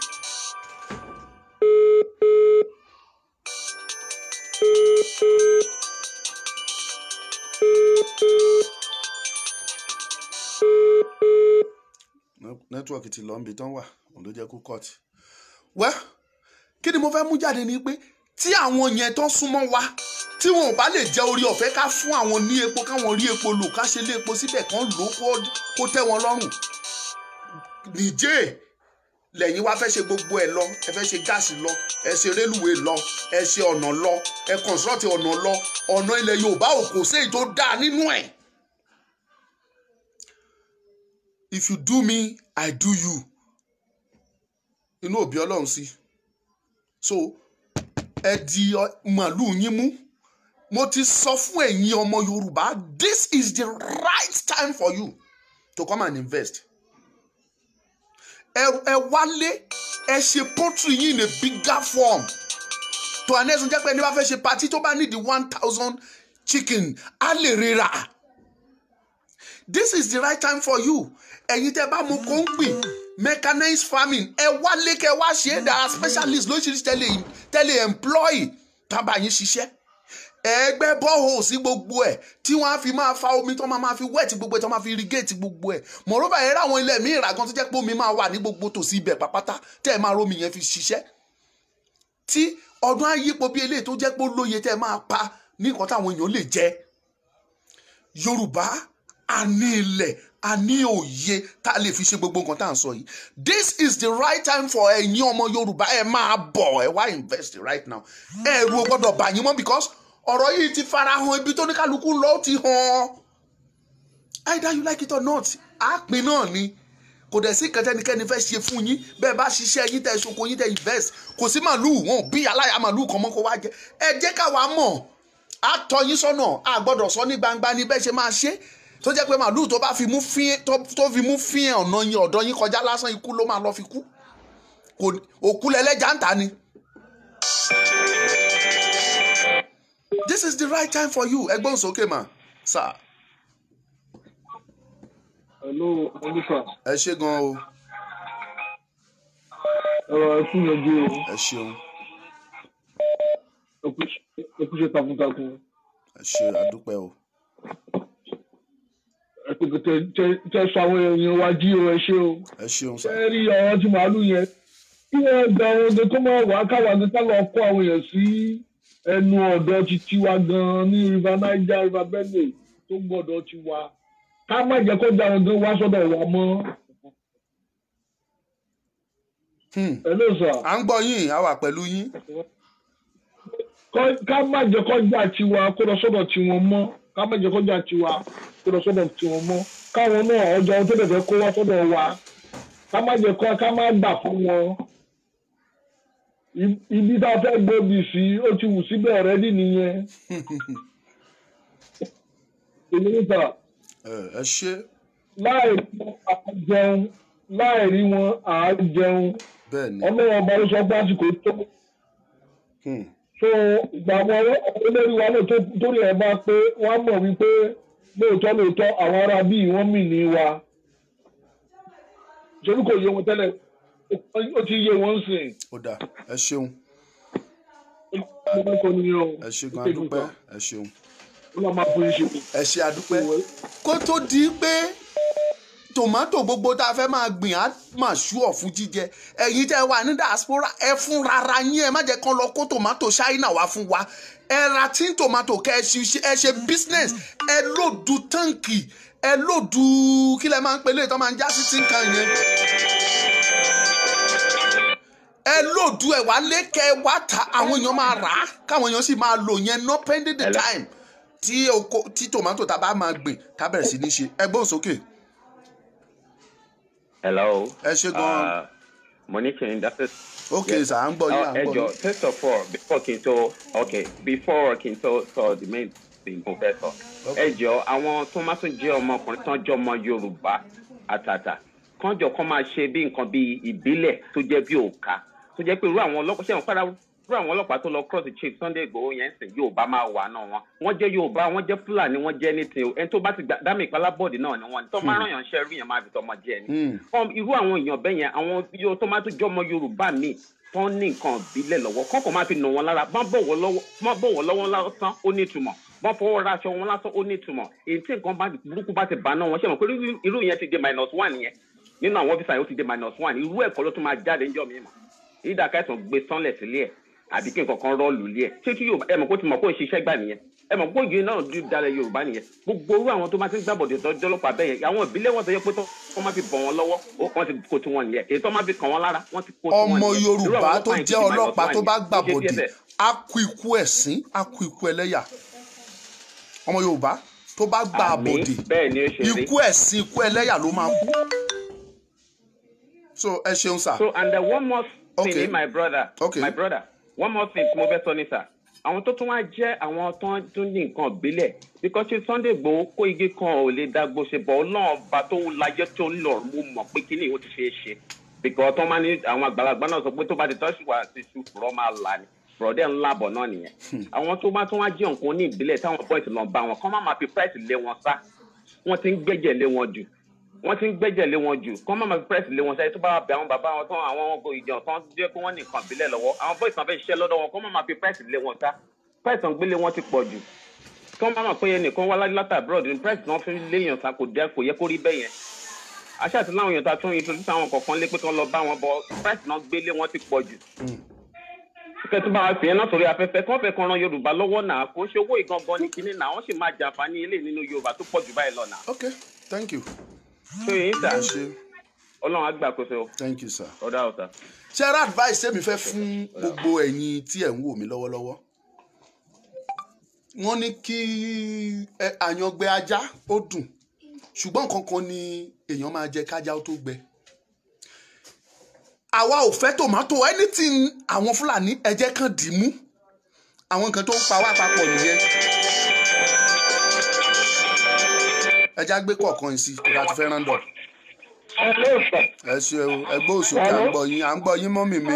nẹ́tíwọ̀kì ti lọ́nbi tán wà òun ló jẹ́ kó kọ́ọ̀tì. wẹ́ kí ni mo fẹ́ mú jáde ni pé tí àwọn yẹn tán súnmọ́ wa tí wọn ò bá lè jẹ orí ọ̀fẹ́ ká fún àwọn ní epo káwọn rí epo lò ká ṣe lé epo síbẹ̀ kán lò ó kó tẹ́ wọn lọ́rùn nìjẹ́ lẹ́yìn wá fẹ́ ṣe gbogbo ẹ̀ lọ ẹ fẹ́ ṣe gáàsì lọ ẹ ṣe rélùwé lọ ẹ ṣe ọ̀nà lọ ẹ kọ̀ǹsọ́ọ̀tì ọ̀nà lọ ọ̀nà ilẹ̀ Yorùbá ò kò tó dáa nínú ẹ̀ if you do me i do you inú òbí ọlọ́run sí so ẹ di màálù yín mú mo ti sọ fún ẹ̀yin ọmọ yorùbá this is the right time for you to come and invest ẹ wálé ẹ ṣe pọ́tù yín in a bigger form to anẹ́sùn jẹ́ pé ẹni bá fẹ́ ṣe patí tó bá need one thousand chicken á lè rira this is the right time for you ẹ̀yin tẹ́ bá mú kóńpì mechanized farming ẹ wá lékè wá ṣe é dára specialist lóṣìṣẹ́ tẹ́lẹ̀ tẹ́lẹ̀ employ tábà yín ṣiṣẹ́ ẹgbẹ́ bọ́ọ̀hù sí gbogbo ẹ̀ tí wọ́n á fi máa fa omi tó máa fi wẹ́ẹ̀tì gbogbo ẹ̀ tó máa fi irrigate gbogbo ẹ̀ mọ̀rọ́bà yẹn ráwọn ilẹ̀ míì rà gan tó jẹ́ pé omi máa wà ní gbogbo tòsí ibẹ̀ pàpátá tẹ́ ẹ máa rómi yẹn fi ṣiṣẹ́ tí ọdún á yípo bí eléyìí tó jẹ́ pé ó lóye tẹ́ ẹ máa pa ní nǹkan táwọn èèyàn lè jẹ Yorùbá a ní ilẹ̀ a ní òye tá a lè fi ṣe gbogbo nǹkan tá à ń sọ yìí this is the right time for ẹ̀yin ọmọ Yorùbá ẹ máa bọ̀ ẹ wá invest right now ẹ̀rù gbọ́dọ̀ bà yín mọ́ because ọ̀rọ̀ yìí ti farahàn ibi tó ní kálukú lọ ti hàn either you like it or not àpín náà ni kò dẹ̀ sí kẹtẹ́ nìkẹ́ni fẹ́ ṣe fún yín bẹ́ẹ̀ bá ṣiṣẹ́ yín tẹ̀ ṣoko yín tẹ̀ invest kò sí màlúù wọn bí aláya màlúù kan mọ́ kó wá jẹ ẹ jẹ́ káwa mọ̀ á tọ́ yín sọ́nà á sọ ní gbangba ní bẹ́ẹ̀ ṣe máa ṣe tó jẹ́ pé màálù tó bá fi mú fín tó fi mú fín ọ̀nà yín ọ̀dọ̀ yín kọjá lásán ikú ló máa lọ fi kú òkú lẹ́lẹ́jà ń ta ni. this is the right time for you ẹgbọ́n sókè mà sà. hello olùfà. ẹ ṣe gan o. ọ̀rọ̀ ẹ fún yẹn jẹ́ o. ẹ ṣeun. ẹ kú ṣe takuntakun. ẹ ṣe àdúpẹ́ o tẹ sọ àwọn èèyàn wa jí o ẹ ṣe o ẹ rí ọ̀rọ̀ tí màálù yẹn kí wọ́n gba ohun ọdẹ kó máa wà káwa ní ká lọ kó àwọn èèyàn sí ẹnu ọ̀dọ̀ ti tiwa gan ní river niger river benue tó gbọ́dọ̀ ti wa ká má jẹ́ kó dáhùn gan wá sọ́dọ̀ wa mọ́. hello sir. à ń gbọ́ yín a pẹ̀lú yín. ká má jẹ́ kó gbà tiwa kó lọ sọ́dọ̀ tiwọn mọ́ ká má jẹ́ kọjá tiwa kó lọ sọ́dọ̀ tiwọn mọ́ káwọn náà ọjà ohun tó bẹ̀rẹ̀ kó wá sọ́dọ̀ wa ká má jẹ́ kọ́ ká má gbà fún wọn ibi tá a fẹ́ gbòógì sí ó ti wù síbẹ̀ rẹ ní nìyẹn. èmi níta. ẹ ṣe. láì mọ àjẹun láì rí wọn àá jẹun ọlọ́wọ́n ọba ló sọ pé àsìkò tó. Hmm so ìgbà wọn olórí wa náà tó lè bá pé wọn mọ̀ wípé lóòótọ́ lóòótọ́ àwọn ará bíi wọ́n mì ní wa ìṣèlú kò yé wọn tẹ́lẹ̀ ó ti yé wọn sìn. ó dà ẹ ṣeun. ẹ ṣe gan adúpẹ́ ẹ ṣeun. ẹ ṣe adúpẹ́ kó tó di pé tòmátò gbogbo tá a fẹ́ máa gbìn á mà ṣúọ̀ fún jíjẹ ẹ̀yin tẹ́ wà ní diaspora ẹ fún rárá yín ẹ má jẹ́ kán lọ kó tòmátò ṣáínà wá fún wa ẹ ra tí tòmátò kẹ ẹ ṣe business ẹ lòdù táǹkì ẹ lòdù kí lẹ máa ń pelé tó máa ń já sí tí nǹkan yẹn ẹ lòdù ẹ wá lé kẹ wá ta àwọn èèyàn máa rà á káwọn èèyàn sì máa lò yẹn not pending the time tí tòmátò tá a bá máa gbìn tá a bẹ̀rẹ̀ sí ní ṣe ẹ gbóhùn sókè. Okay hello. ẹ ṣe gan. Ah, mo ní kí n dá sí. ok sà à ń gbọ́ yín à ń gbọ́. ẹ jọ first of all before kí n tó ok before kí n tó sọ the main thing mo fẹ́ sọ. ẹ jọ àwọn tó máa tún jẹ́ ọmọkùnrin tán jọ ọmọ yorùbá àtàtà kánjọ kan máa ṣe bí nǹkan bíi ìbílẹ̀ tó jẹ́ bí òǹkà tó jẹ́ pé irú àwọn ọlọ́kọ̀ṣẹ́ wọn padà fún àwọn ọlọ́pàá tó lọ cross the chief sunday igbòho yẹn sìn yorùbá máa wà náà wọn wọn jẹ yorùbá wọn jẹ fúlàní wọn jẹ anything ẹni tó bá ti gbà dámì ìpalá bọ́ọ̀dì náà ni wọn ni tó máa ràn yàn ṣe rí yẹn máa fi tọmọ jẹ ni. Hmm. irú àwọn èèyàn bẹ́ẹ̀ yẹn àwọn yóò tó máa tó jọmọ yorùbá mi tó ń ní nǹkan ìbílẹ̀ lọ́wọ́ kọ́kọ́ máa fi nà wọn lára má bọ̀wọ̀ lọ́wọ́ lásán ó ní ìtumọ̀ wọn fọwọ́ ra aṣọ wọn lásán ó ní ìtumọ̀ èyí tí nǹkan burúkú bá ti bá náà wọn ṣe mọ̀ pé irú yẹn ti dé minus one yẹn nínú àwọn ọ́fíìsì yẹn ó ti dé minus one irú ẹ̀kọ́ ló tún máa jáde níjọ́ mi mọ̀ ìdàkẹ́sàn gbé sánlẹ̀ sílé àbí kí nǹkan kan rọ́ọ̀lù lé ẹ̀ ṣé tí yorùbá ẹ mọ̀ kó ti mọ̀ kó ṣiṣẹ́ gbà nìyẹn ẹ mọ̀ kó yìí náà di dalẹ̀ yorùbá nìyẹn gbogbo orú àwọn tó máa ti ń gbàbọ̀dẹ̀ tó jọlọ́pàá bẹ́ẹ̀ yẹn àwọn ìbílẹ̀ wọn tó yẹ pé tó máa fi bọ̀ wọn lọ́wọ́ wọn ti kó tiwọn nìyẹn èyí tó máa fi kàn wọn lára wọn ti kó tiwọn nìyẹn. ọmọ yorùbá tó jẹ́ ọlọ́pàá tó bá gbàbọ̀dẹ̀ á kú ikú ẹ̀sín á kú ikú ẹlẹ́yà ọmọ yorùbá tó so ẹ ṣeun so and the one more thing okay. my brother okay. my brother one more thing tí mo fẹ́ sọ ní sà àwọn tó tún wá jẹ́ àwọn tó ń tún ní nǹkan ìbílẹ̀ bíkọ́sí Sunday Igboho kó igi kan ò lè dàgbò ṣe bọ̀ ọlọ́run ọba tó ń lajẹ́ tó ń lọ mo mọ̀ pé kí ni ìwọ ti ṣeé ṣe bíkọ́ tó máa ní àwọn àgbàlagbà náà sọ pé tó bá ti tọ́sí wà sí ṣu fúrọ́ máa là ní fúrọ́dẹ̀ ńlá bọ̀ náà nìyẹn àwọn tó bá tún wá jẹ́ nǹkan ní ìbílẹ̀ táwọn pọ́ìntì lọ bá wọn kọ́ má máa fi price lé wọn sá wọ́n ti ń gbẹ́jẹ̀ lé wọn jù wọ́n ti ń gbẹ́jẹ̀ lé wọn jù kán má máa fi lé wọn sẹ́yìn tó bá bẹ àwọn bàbá wọn tán àwọn ọkọ̀ ìjàn tán jẹ́ kó wọ́n nìkan bílẹ̀ lọ́wọ́ àwọn boys kan fẹ́ ṣiṣẹ́ lọ́dọ̀ wọn kán má máa fi lé wọn sá press gbélé wọn ti pọ̀ jù kán má máa pé ẹnìkan wá látà abroad ní press tán fi léèyàn sá kò dẹ́ kò yẹ kó rí bẹ́ẹ̀ yẹn aṣáà tí láwọn èèyàn ta tún introduce àwọn kọ̀ọ̀kan lé pé kán lọ bá wọn bọ press náà gbélé wọn ti pọ̀ jù fẹ́ tó bá wa fìyẹn náà sórí afẹ́fẹ́ kọ́ fẹ́ kan ran Yorùbá lọ́wọ́ náà kó ṣe owó ìgangan ní kínní náà wọ́n sì máa jàǹfààní ilé nínú Yorùbá tó pọ̀ jù báyìí lọ náà. Okay, thank you so yìí sà ọlọ́run á gbàkóso. thank you sir. ṣé ara advice tèmi fẹ́ fún gbogbo ẹ̀yin tí ẹ̀ ń wò mí lọ́wọ́lọ́wọ́ wọ́n ní kí àyàngbẹ ajá ó dùn ṣùgbọ́n kankan ni èèyàn máa jẹ kájá ó tó gbẹ àwa ò fẹ́ tòmátò anything àwọn fúlàní ẹ̀jẹ̀ kan dì í mú àwọn nǹkan tó ń pa wá papọ̀ nìyẹn. ẹ já gbé kọ̀ọ̀kan yìí sí kó dà tó fẹ́ rán dọ̀. ẹ ṣeun ẹgbẹ́ òṣòkè à ń gbọ́ yín à ń gbọ́ yín mọ́mì mi.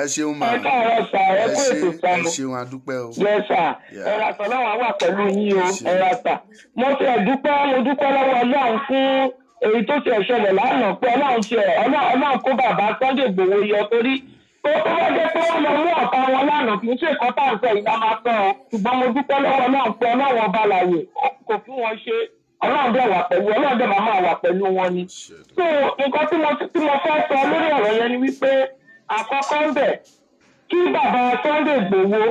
ẹ ṣeun màá ẹ ṣe ẹ ṣeun àdúpẹ́ o. yẹ́sà ẹ̀rọ àtọ̀láwọ̀ á wà pẹ̀lú yín o ẹ̀rọ mo ti ẹ̀ mo dúpẹ́ lọ́wọ́ ọlọ́run fún èyí tó ti ẹ̀ lánàá pé ọlọ́run ti ẹ̀ ọlọ́run kó bàbá Sunday gbòòwò yọ torí tó bá jẹ́ pé wọ́n lọ mú ọ̀tá wọn lánàá kì í ṣe nǹkan tá à ń sọ yìí máa sọ ọ ṣùgbọ́n mo dúpẹ́ lọ́wọ́ náà pé ọlọ́wọ́n bá láàyè kò fún wọn ṣe ọlọ́run dẹ̀ wà pẹ̀lú ọlọ́run dẹ̀ máa wà pẹ̀lú wọn ni. so nǹkan tí mo tí mo fẹ́ sọ lórí ọ̀rọ̀ yẹn ni wípé àkọ́kọ́ ń bẹ̀ kí bàbá Sunday Igboho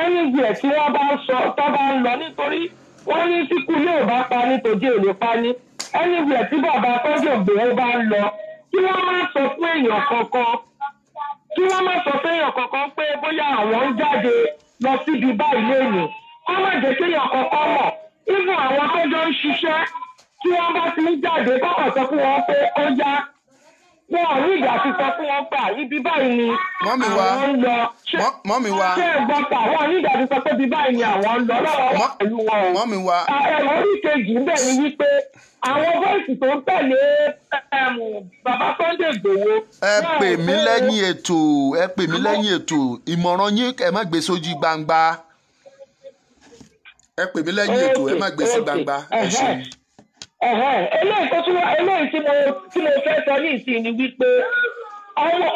ẹni jẹ tí wọ́n bá ń sọ tó bá ń lọ nítorí wọ́n ní kíkú yóò bá pa ní èlé pa ní ẹni tí bàbá Sunday Igboho bá ń lọ kí wọ́n má sọ fún èèyàn kankan kí wọ́n má sọ péyàn kankan pé bóyá àwọn ń jáde lọ síbi báyìí lónìí kó má jẹ́ kéèyàn kankan mọ̀ even àwọn tó jọ ń ṣiṣẹ́ tí wọ́n bá ti ń jáde kọ́kàn sọ fún wọn pé ó yá wọn ò ní ìgbà tuntun tí wọ́n gbà ibi báyìí ni àwọn ń lọ mọ́mí wa ṣé ẹ̀gbọ́n ta wọn ò ní ìgbà tuntun pé ibi báyìí ni àwọn ń lọ lọ́wọ́ pẹ̀lú wọn o mọ́mí wa ẹ̀rọ oríkejì ń bẹ̀ ni wípé àwọn bọ́ọ̀sì tó ń tẹ̀lé bàbá Sunday Igboho. ẹ pè mí lẹ́yìn ètò ẹ pè mí lẹ́yìn ètò ìmọ̀ràn yín ẹ má gbé sójú gbangba ẹ pè mí lẹ́yìn ètò ẹ má gbé sí gbangba ẹ ṣeun eléyìí tó tún eléyìí tí mo tí mo fẹ́ sọ ní ìsìn ni wípé àwọn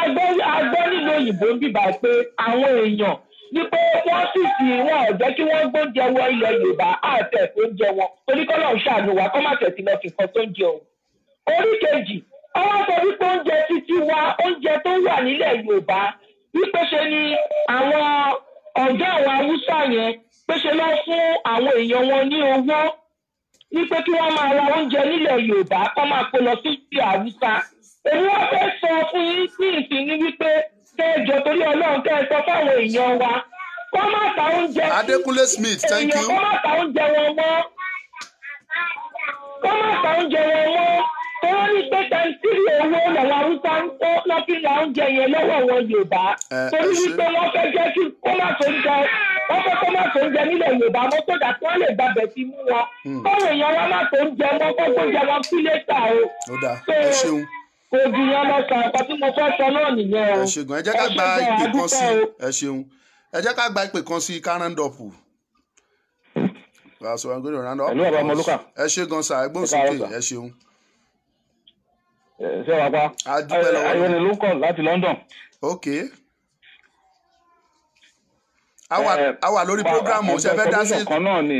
agbọ́ nínú òyìnbó ń bìbà pé àwọn èèyàn ni pé wọ́n sì sí wọn ò jẹ́ kí wọ́n gbóúnjẹ wọ ilẹ̀ yorùbá àtẹ̀ tó ń jẹ wọn torí kọ́lá ń ṣàánú wa kọ́ má tẹ̀sí lọ fi kan tó ń jẹ òun. orí kejì ọwọ́ sọ wípé oúnjẹ títí wa oúnjẹ tó wà nílẹ̀ yorùbá wípé ṣe ni àwọn ọ̀gá àwọn haúsá yẹn pé ṣe lọ fún àwọn èèyàn wọn ní owó wípé kí wọ́n máa ra oúnjẹ nílẹ̀ yorùbá kó máa kó lọ sí ìlú àwùsá èmi wọ́n fẹ́ sọ fún yín sí ìsìn ní wípé kẹjọ torí ọlọ́run kẹ́ fáwọn èèyàn wa kó má ta oúnjẹ Adékúnlé Smith thank you kó má ta oúnjẹ wọn mọ́ kó má ta oúnjẹ wọn mọ́ torí ní pé tẹ̀síìrì owó lọ́la haúsá ń kó lọ́fíìlà oúnjẹ yẹn lọ́wọ́ wọn yorùbá torí wípé wọ́n fẹ́ jẹ́ kí kó má tó ń jẹ ọmọ tó má tó ń jẹ nílẹ̀ yorùbá mọ́ sódà tí wọ́n lè gbàgbẹ́ fi mú wọn hmm. kọ́wé èèyàn wọn má tó ń jẹ mọ́ kókó jẹ wọn kí lẹ́tà o. ó dà ẹ ṣeun. kò ju yẹn lọ sọ nǹkan tí mo fẹ́ sọ náà nìyẹn o. ẹ ṣègùn ẹ jẹ́ ká gba ìpè kan sí ẹ ṣeun ẹ jẹ́ ká gba ìpè kan sí káràndọ̀pù. ẹ ṣe gan sa ẹgbọ́n sókè ẹ ṣeun ṣé wàá pa ayọ̀nì ló ń láti London. Eh, a wà lórí programu eh, ṣe fẹ́ dá sí. kan ni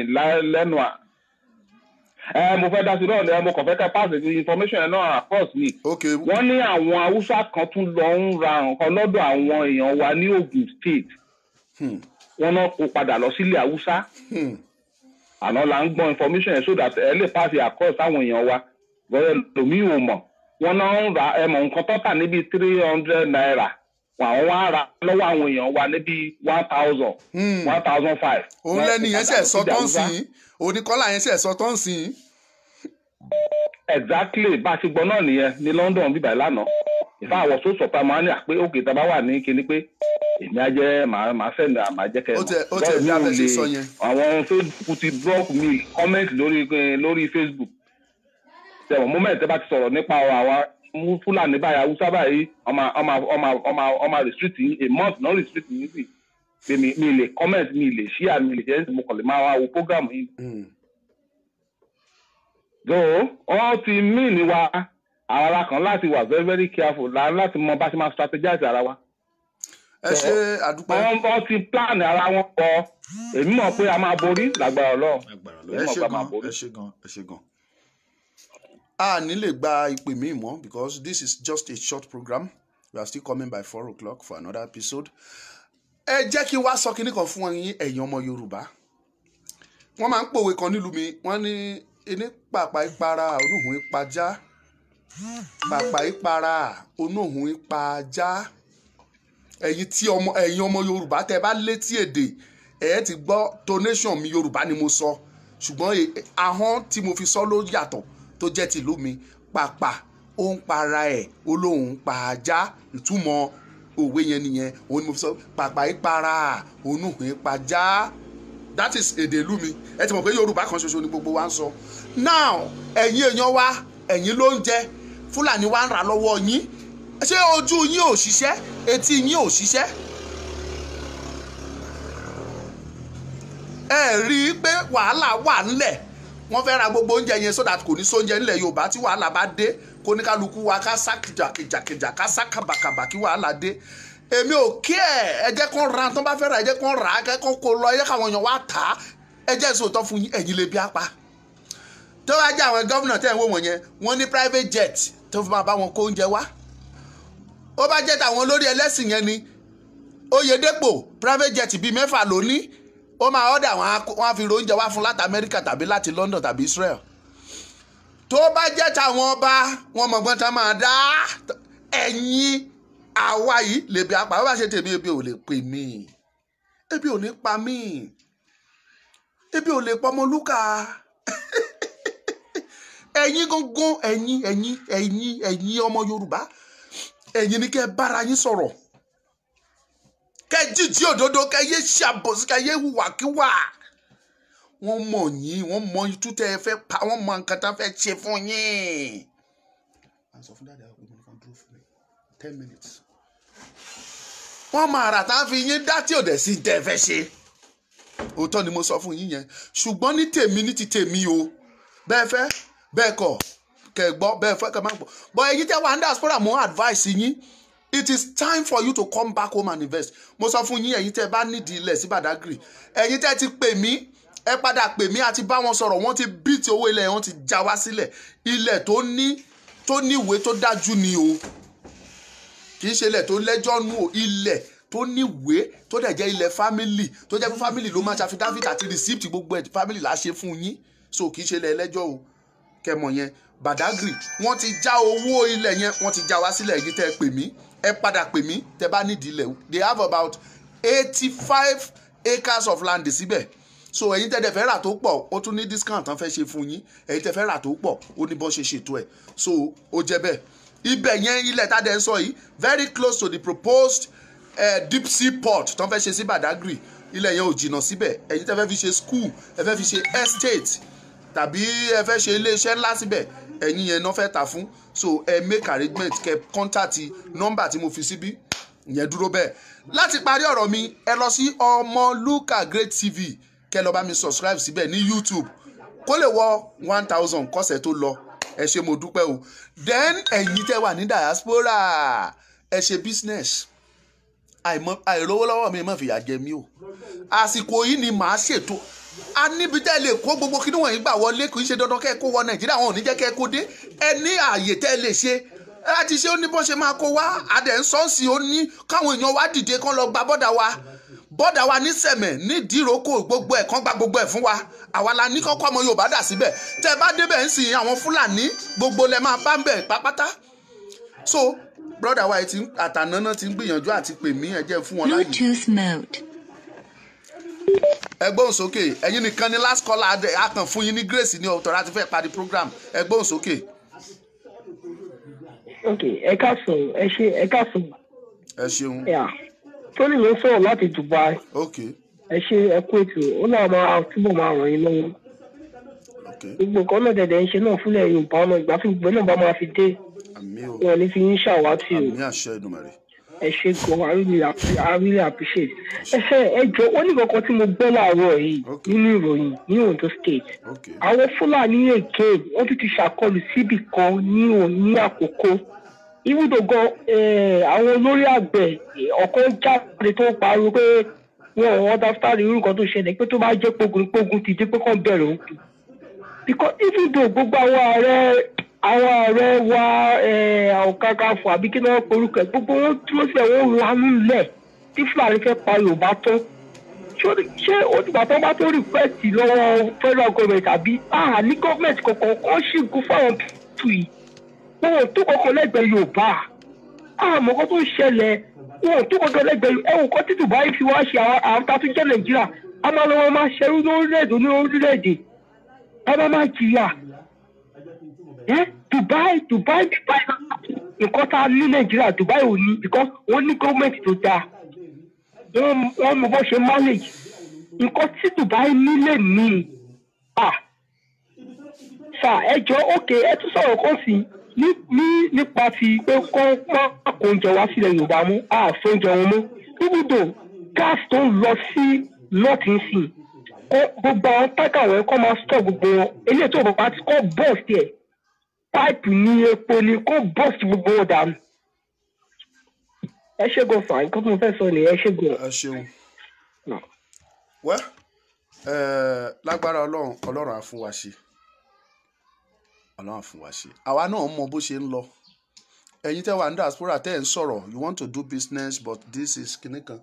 lẹ́nu à eh, mo fẹ́ dá sí náà mo kàn fẹ́ ká pass the information yẹn náà across ni. wọ́n ní àwọn haúsá kan tún lọ ń ra nǹkan lọ́dọ̀ àwọn èèyàn wa ní Ogun State hmm. wọ́n náà kó padà lọ sílé haúsá hmm. àná la ń gbọ́ information yẹn so ẹ lè pass across àwọn èèyàn wa lọ́yẹ̀ lómi ò mọ̀ wọ́n náà ń ra ẹ̀mọ̀ nǹkan tọ́ta níbi three hundred naira àwọn wá ra lọ́wọ́ àwọn èèyàn wa níbi one thousand hmm. one thousand five. òun lẹ́nu yẹn ṣe sọ tán sí i oníkọ́lá yẹn ṣe sọ tán sí i. exactly bá a ṣe gbọ́ náà nìyẹn ní London bíbá ẹ̀ lánàá ìfá àwọn tó sọ̀tà máa ń yà pé òkè tá a bá wà ní kinní pé èmi á jẹ́ màá sẹ́ni àmà jẹ́ kẹ́ bẹ́ẹ̀ mi ò lè àwọn Facebook ti block mi comment lórí Facebook tẹ̀wọ̀n moment tẹ́ bá ti sọ̀rọ̀ nípa àwọn mú fúlàní báyìí haúsá báyìí ọmọ ọmọ ọmọ ọmọ ọmọ restrict yín a month non restrict yín sì pé mi mi lè comment mi lè share mi lè jẹ́ mo kàn lè máa wá wo program yìí. so hmm. wọ́n ti mí ni wa ara kan láti wà very very careful láti mọ bá ṣe máa strategize ara wa ẹ ṣe àdúpẹ́. wọ́n wọ́n ti plan ara wọn kọ èmi mọ̀ pé a máa borí lágbára Ọlọ́run. ẹ ṣe gan ẹ ṣe gan ẹ ṣe gan a ní lè gba ìpè míì mọ́ because this is just a short program we are still coming by four o'clock for another episode ẹ jẹ́ kí n wá sọ kinní kan fún yín ẹ̀yin ọmọ yorùbá wọ́n máa ń pòwe kan nílùú mi wọ́n ní ẹni pàpà ìpara onóhùn ìpajá pàpà ìpara onóhùn ìpajá ẹ̀yin tí ọmọ ẹ̀yin ọmọ yorùbá tẹ́ bá létí èdè ẹ ti gbọ́ tonation mi yorùbá ni mo sọ ṣùgbọ́n e, ahọ́n tí mo fi sọ ló yàtọ̀ tó jẹ́ tìlú mi pàpà ó ń para ẹ̀ olóhùn pa ajá ìtumọ̀ òwe yẹn nìyẹn òun ni mo fi sọ pàpà ń para onúhùn ń pajá that is èdè ìlú mi ẹ ti mọ̀ pé yorùbá kan ṣoṣo ni gbogbo wa ń sọ now ẹ̀yin èèyàn wa ẹ̀yin ló ń jẹ fúlàní wa ń rà lọ́wọ́ yín ṣé ojú yín ò ṣiṣẹ́ etí yín ò ṣiṣẹ́ ẹ rí i pé wàhálà wà ńlẹ̀ wọ́n fẹ́ ra gbogbo oúnjẹ yẹn so that kò ní sóúnjẹ nílẹ̀ yorùbá tí wàhálà bá dé kó ní kálukú wa ká sákìjàkìjàkìjà ká sákàbàkàbà kí wàhálà dé èmi ò kí ẹ ẹ jẹ́ kó ra tó bá fẹ́ ra ẹ jẹ́ kó ra ẹ kó kó lọ ẹ jẹ́ káwọn èèyàn wá tà á ẹ jẹ́ ìṣòótọ́ fún yín ẹ̀yin lè bí apá tó bá jẹ́ àwọn gómìnà tẹ̀ ń wò wọ̀nyẹn wọ́n ní private jet tó fi máa bá wọn kó oúnjẹ wá ó bá jẹ́ tàwọn olórí ẹlẹ́sìn yẹn ni Oyèdépò private jet bíi mẹ́fà ló ní ó máa ọ̀dà wọn á fi oúnjẹ wá fún láti amẹ́ríkà tàbí láti london tàbí israel tó bá jẹ́ táwọn ọba wọn mọ̀gbọ́n tá máa dá ẹ̀yìn àwa yìí lèbi apá bá ṣe tèmi ebi ò lè pè mí ebi ò ní pa mí ebi ò lè pọmọlúkà ẹ̀yin gángan ẹ̀yin ẹ̀yin ẹ̀yin ẹ̀yin ọmọ yorùbá ẹ̀yin ni kẹ́ bára yín sọ̀rọ̀ kẹ́ jíjí òdodo kẹ́ yé ṣàbòsí kẹ́ yé wàkíwà wọ́n mọ̀ yín wọ́n mọ itú tẹ́ ẹ fẹ́ pa wọ́n mọ nǹkan tá fẹ́ ṣe fún yín. à sọ fún dáadáa ọgbọ́n kan dúró fún mi ten minutes. wọ́n máa rà tá a fi yín dá tí ò sí tẹ́ ẹ fẹ́ ṣe. òótọ́ ni mo sọ fún yín yẹn ṣùgbọ́n ní tèmi ní ti tèmi o bẹ́ẹ̀ fẹ́ bẹ́ẹ̀ kọ̀ kẹ́ gbọ́ bẹ́ẹ̀ fẹ́ kẹ́ má gbọ́ bọ́ èyí tẹ́ wà ń dà sọ́ra mọ́ advice yín it is time for you to come back home and invest mo sọ fún yín ẹ̀yin tẹ́ ẹ bá nídìí ilẹ̀ sí Badagry ẹ̀yin tẹ́ ẹ ti pè mí ẹ padà pè mí àti bá wọn sọ̀rọ̀ wọ́n ti bíìtì owó ilẹ̀ wọ́n ti já wá sílẹ̀ ilẹ̀ tó ní tó níwèé tó dájú ni o kì í ṣe ilẹ̀ tó lẹ́jọ́ nù o ilẹ̀ tó níwèé tó dẹ̀ jẹ́ ilẹ̀ fámìlì tó jẹ́ fún fámìlì ló máa ṣàfi dáfíd àti rìsíptì gbogbo ẹ̀ fámìlì là á ṣe fún yín so kì í ṣe ilẹ̀ ẹlẹ́jọ́ o kẹmọ̀ yẹn Badagry wọ́n ti já owó ilẹ̀ yẹn wọ́n ti já wá sílẹ̀ yìí tẹ́ pè mí ẹ padà pè mí tẹ bá nídìí ilẹ̀ they have about eighty five acres of land síbẹ̀ so ẹ̀yin tẹ́ dẹ̀ fẹ́ rà tó pọ̀ ó tún ní discount tán fẹ́ ṣe fún yín ẹ̀yin tẹ́ fẹ́ rà tó pọ̀ ó ní bọ́n ṣe ṣètò ẹ̀ so ó jẹ́ bẹ́ẹ̀ ibẹ̀ yẹn ilẹ̀ tá a dẹ̀ ń sọ yìí very close to the proposed uh, deep sea port tán fẹ́ ṣe sí Badagry ilẹ̀ yẹn ò jìnnà síbẹ̀ ẹ̀yin tẹ́ fẹ́ fi ṣe school ẹ fẹ́ fi ṣe estate tàbí ẹ fẹ́ ṣe iléeṣẹ́ ńlá síbẹ̀ ẹ̀yin yẹn náà fẹ́ tà fún so ẹ make arrangement kẹ contact nọ́mbà tí mo fi síbí yẹn dúró bẹ́ẹ̀ láti parí ọ̀rọ̀ mi ẹ lọ sí Ọmọlúkà Great TV kẹ lọ bá mi subscribe síbẹ̀ ní YouTube kó lè wọ one thousand kọ́sẹ̀ tó lọ ẹ ṣé mo dúpẹ́ o then ẹ̀yin tẹ́ wà ní diaspora ẹ ṣe business àìrówólọ́wọ́ mi má fìyà jẹ mí o àsìkò yìí ni màá ṣètò a níbi tẹ́ lè kó gbogbo kí níwọ̀nyí gbà wọlé kì í ṣe dandan kẹ́ kó wọ nàìjíríà wọn ò ní jẹ́ kẹ́ kó dé ẹ ní ààyè tẹ́ lè ṣe láti ṣe ó ní bó ṣe máa kó wá adẹ̀ ń sọ́ọ̀sì ó ní káwọn èèyàn wá dìde kán lọ gba bọ́dà wa bọ́dà wa ní sẹ̀mẹ̀ ní ìdíròkò gbogbo ẹ̀ kán gba gbogbo ẹ̀ fún wa àwa la ní kọ́kọ́ ọmọ yorùbá dà síbẹ̀ tẹ́ bá débẹ̀ ń sìn àwọn fúlàní gbogbo lẹ máa bá ń bẹ̀ pápátá so brother wa àtànáná ti ń gbìyànjú àti pè mí ẹ fún wọn láyè. bluetooth mode ẹgbọ́n sókè ẹ̀yin nìkan ni last call akàn fún yín ní grace ní ọ̀tọ̀ láti fẹ́ parí program ẹgbọ́n sókè. ok ẹ káàsùn ẹ ṣe ẹ káàsùn. ẹ ṣeun. tóní ló ń sọ̀rọ̀ láti dubai. ok. ẹ ṣe ẹ kú ètò ó náà máa túbọ̀ máa ràn yín lọ́wọ́. gbogbo nǹkan náà dẹ̀dẹ̀ ń ṣe náà fúnlẹ̀ yorùbá ọmọ ìgbà fún gbogbo náà bá máa fi dé. àmì o wọn ò ní fi yín ṣàwátì o. àmì àṣẹ Èdùmàrè ẹ ṣe gan i really i really appreciate ẹ ṣe ẹ jọ ó ní kankan tí mo gbọ́ láàárọ̀ yìí nínú ìròyìn ní Ondo state àwọn Fúlàní èké wọ́n tún ti ṣàkọlù síbì kan ní òní àkókò ibùdó gan àwọn olórí àgbẹ̀ ọ̀kan jáde tó pariwo pé wọn ò understand irú nǹkan tó ṣẹlẹ̀ pé tó bá jẹ́ pogun pogun ti dé pé kàn bẹ̀rẹ̀ òkú because even gbogbo àwọn ààrẹ àwọn ọ̀rẹ́ wa ọ̀kánkafọ̀ àbí kí náà porúkọ ẹ̀ gbogbo wọn dúró sí ẹ̀wọ̀n lanú lẹ̀ tí fúlàní fẹ́ pa yorùbá tán ṣé òdìgbà tó bá tó rìpẹ́ẹ̀tì lọ́wọ́ federal government àbí àà ní gọ́ọ̀mẹ̀ntì kankan kan ṣì ń kú fáwọn tù yìí wọn ò tó kankan lẹ́gbẹ̀ẹ́ yorùbá àmọ́ kan tó ń ṣẹlẹ̀ wọn ò tó kankan lẹ́gbẹ̀ẹ́ ẹ̀wọ̀n kan títù báyìí fi wá ṣe àwọn tá a tún nàìjíríà a máa máa ṣerú lórílẹ̀-èdè ẹ ẹ Dubai Dubai Dubai nǹkan tá a ní Nàìjíríà Dubai ò ní because wọ́n ní gọ́ọ̀mẹ̀ntì tó dáa wọ́n mọ bó ṣe manage nǹkan tí Dubai nílẹ̀ ní à sà ẹjọ́ òkè ẹ tún sọ̀rọ̀ kan sí ní nípa ti pé kọ́ má kó oúnjẹ wá sílẹ̀ Yorùbá mú àfẹ́ oúnjẹ wọn mú ibùdó gas tó ń lọ sí lọ́tìnsìn gbogbo àwọn tágàwẹ́ kọ́ máa stọ̀ gbogbo wọn eléyìí tó bọ̀ bá ti kọ́ bọ́ọ̀sì ẹ̀ pipe ní epo ni kó burst gbogbo wọn dànù ẹ ṣe gan fà nǹkan tí mo fẹ́ sọ nìyẹn ẹ ṣe gan. ẹ ṣeun wẹ́ lágbára ọlọ́run ọlọ́run á fún wa ṣe ọlọ́run á fún wa ṣe àwa náà mọ bó ṣe ń lọ ẹ̀yin tẹ́ wà ní diaspora tẹ́ ń sọ̀rọ̀ you want to do business but this is kinní kan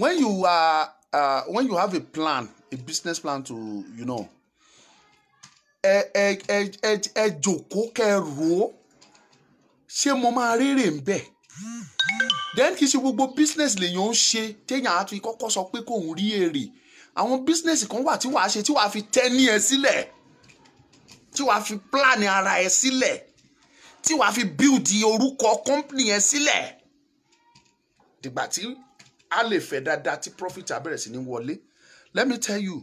when you are uh, when you have a plan a business plan to you know ẹ ẹ ẹ ẹ ẹ jòkó kẹrò ó ṣé mo máa rérè ń bẹ̀ then kì í ṣe gbogbo business lèèyàn ń ṣe téèyàn á fi kọ́kọ́ sọ pé kò ń rí èrè àwọn business kan wà tí wàá ṣe tí wàá fi tẹ́ni ẹ sílẹ̀ tí wàá fi plan ara ẹ sílẹ̀ tí wàá fi build orúkọ company ẹ sílẹ̀ dìgbà tí a lè fẹ́ dáadáa tí profit á bẹ̀rẹ̀ sí ní wọlé let me tell you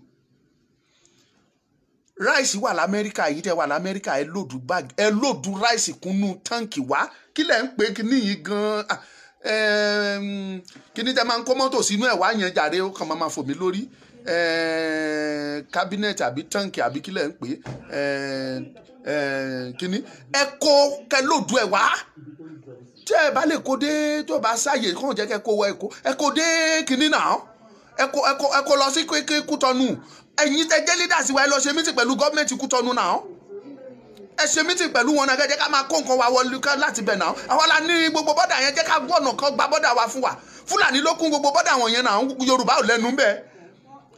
ráìsì wà lamẹ́ríkà yìí tẹ́ wà lamẹ́ríkà ẹ lòdù báàgì ẹ lòdù ráìsì kúnnú táǹkì wá kí lẹ̀ ń pè kíní yìí gan-an ah, ehm, kíní tẹ́ máa ń kó mọ́tò sínú ẹ̀ wá yẹn jàre ó kàn máa ma fò mí lórí ehm, cabinet àbí táǹkì àbí kí lẹ̀ ń pè ehm, kíní ẹ kó kẹ lòdù ẹ wá tẹ́ ẹ bá lè kó dé tó bá sáyè kàn jẹ́ kẹ́ kó wọ ẹ kó ẹ kó dé kíní náà ẹ kó lọ sí kékeré kútọ́nù ẹ̀yin tẹ jẹ́ leaders wa ẹ lọ ṣe meeting pẹ̀lú gọ́ọ̀mẹ̀ntì Kútọ́nù náà ẹ ṣe meeting pẹ̀lú wọn náà jẹ́ ká máa kó nǹkan wa wọlé láti bẹ̀ náà àwọn la ní gbogbo bọ́dà yẹn jẹ́ ká gbọ́nà kan gba bọ́dà wa fún wa Fúlàní ló kún gbogbo bọ́dà wọn yẹn náà Yorùbá ò lẹ́nu bẹ́ẹ̀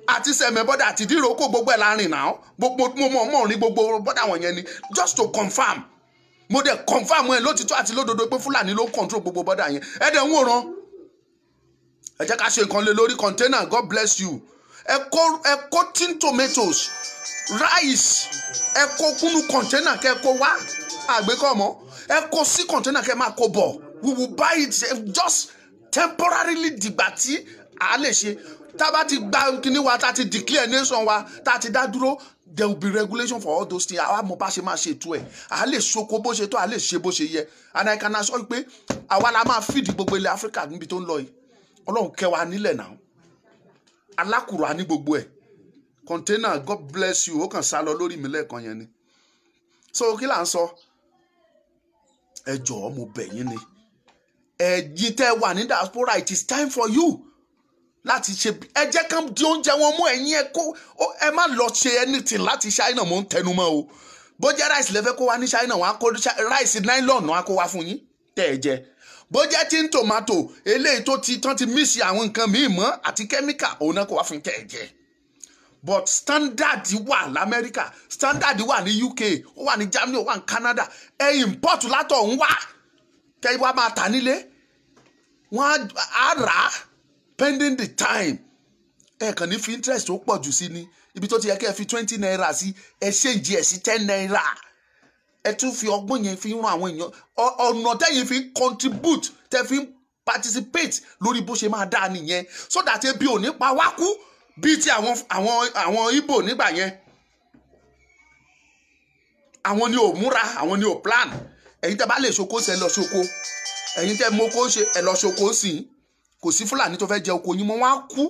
àti sẹ̀mẹ̀ bọ́dà àti dírò kó gbogbo ẹ̀ láàrin náà gbogbo mọ̀ mọ̀ rí gbogbo bọ́dà wọn yẹn ni just to confirm mo dẹ̀ confirm ẹ̀ lótìtọ́ àti lódodo pé Fúlàní ló control gbogbo bọ́dà yẹn ẹ̀ dẹ̀ ń wòran ẹ jẹ́ ká ṣe nǹkan lé lórí container God bless you ẹ̀kọ́ ẹ̀kọ́ tin tomatoes rice ẹ̀kọ́ kúnú container. kẹ́kọ́ wá àgbékọ́ mọ́ ẹ̀kọ́ sí kọ̀ńténà kẹ́ máa kó bọ̀ we will buy it just temporarily dìgbà tí a lè ṣe tá a bá ti gba kíní wa tá a ti declare nation wa tá ti dá dúró there will be regulation for all those things àwa mo bá ṣe máa ṣe ètò ẹ à lè ṣoko bó ṣe tó à lè ṣe bó ṣe yẹ and I can assure you pé àwa la máa fìdí gbogbo ilẹ̀ Africa níbi tó ń lọ yìí Ọlọ́run kẹ́ nílẹ̀ náà alákùrà ní gbogbo ẹ̀ kọ̀ńténà god bless you ó kàn sá lọ lórí mi lẹ́ẹ̀kan yẹn ni so kí là ń sọ ẹ jọ̀ọ́ mo bẹ̀ yín ni ẹ̀yin tẹ́ wà ní diaspora it is time for you láti ṣe ẹ jẹ́ ká di oúnjẹ wọn mú ẹ̀yin ẹ kó ẹ má lọ ṣe anything láti China mò ń tẹnu mọ́ o bó jẹ́ rice lẹ́fẹ́ kó wá ní China wọn á kó rice nylon wọn á kó wá fún yín tẹ́ ẹ jẹ́ bó jẹ́ tí ń tòmátò eléyìí tó ti tán ti mísì àwọn nǹkan míì mọ́ àti kẹ́míkà òun náà kò wá fún tẹ̀ jẹ́ but standard wà lamẹ́ríkà standard wà ní UK ó wà ní Germany ó wà ní Canada ẹ e import látọ̀ ń wá tẹ́ wá máa tà nílé wọ́n á rà á pending the time ẹ kàn ní fi interest tó pọ̀ jù sí ni ibi tó ti yẹ kẹ́ ẹ fi twenty naira sí ẹ ṣèǹjì ẹ̀ sí ten naira ẹ tún fi ọgbọ́n yẹn fi ran àwọn èèyàn ọ̀nà tẹ́yìn fi contribute tẹ́ fi participate lórí bó ṣe máa dáa nìyẹn so that ebi ò ní pa wá kú bíi ti àwọn àwọn àwọn Ìgbò nígbà yẹn àwọn ni ò múra àwọn ni ò plan ẹ̀yin tẹ́ bá lè ṣoko ṣe ẹ lọ ṣoko ẹ̀yin tẹ́ mọ́kó ṣe ẹ lọ ṣoko sí kò sí Fúlàní tó fẹ́ jẹ oko yín mọ́ wá kú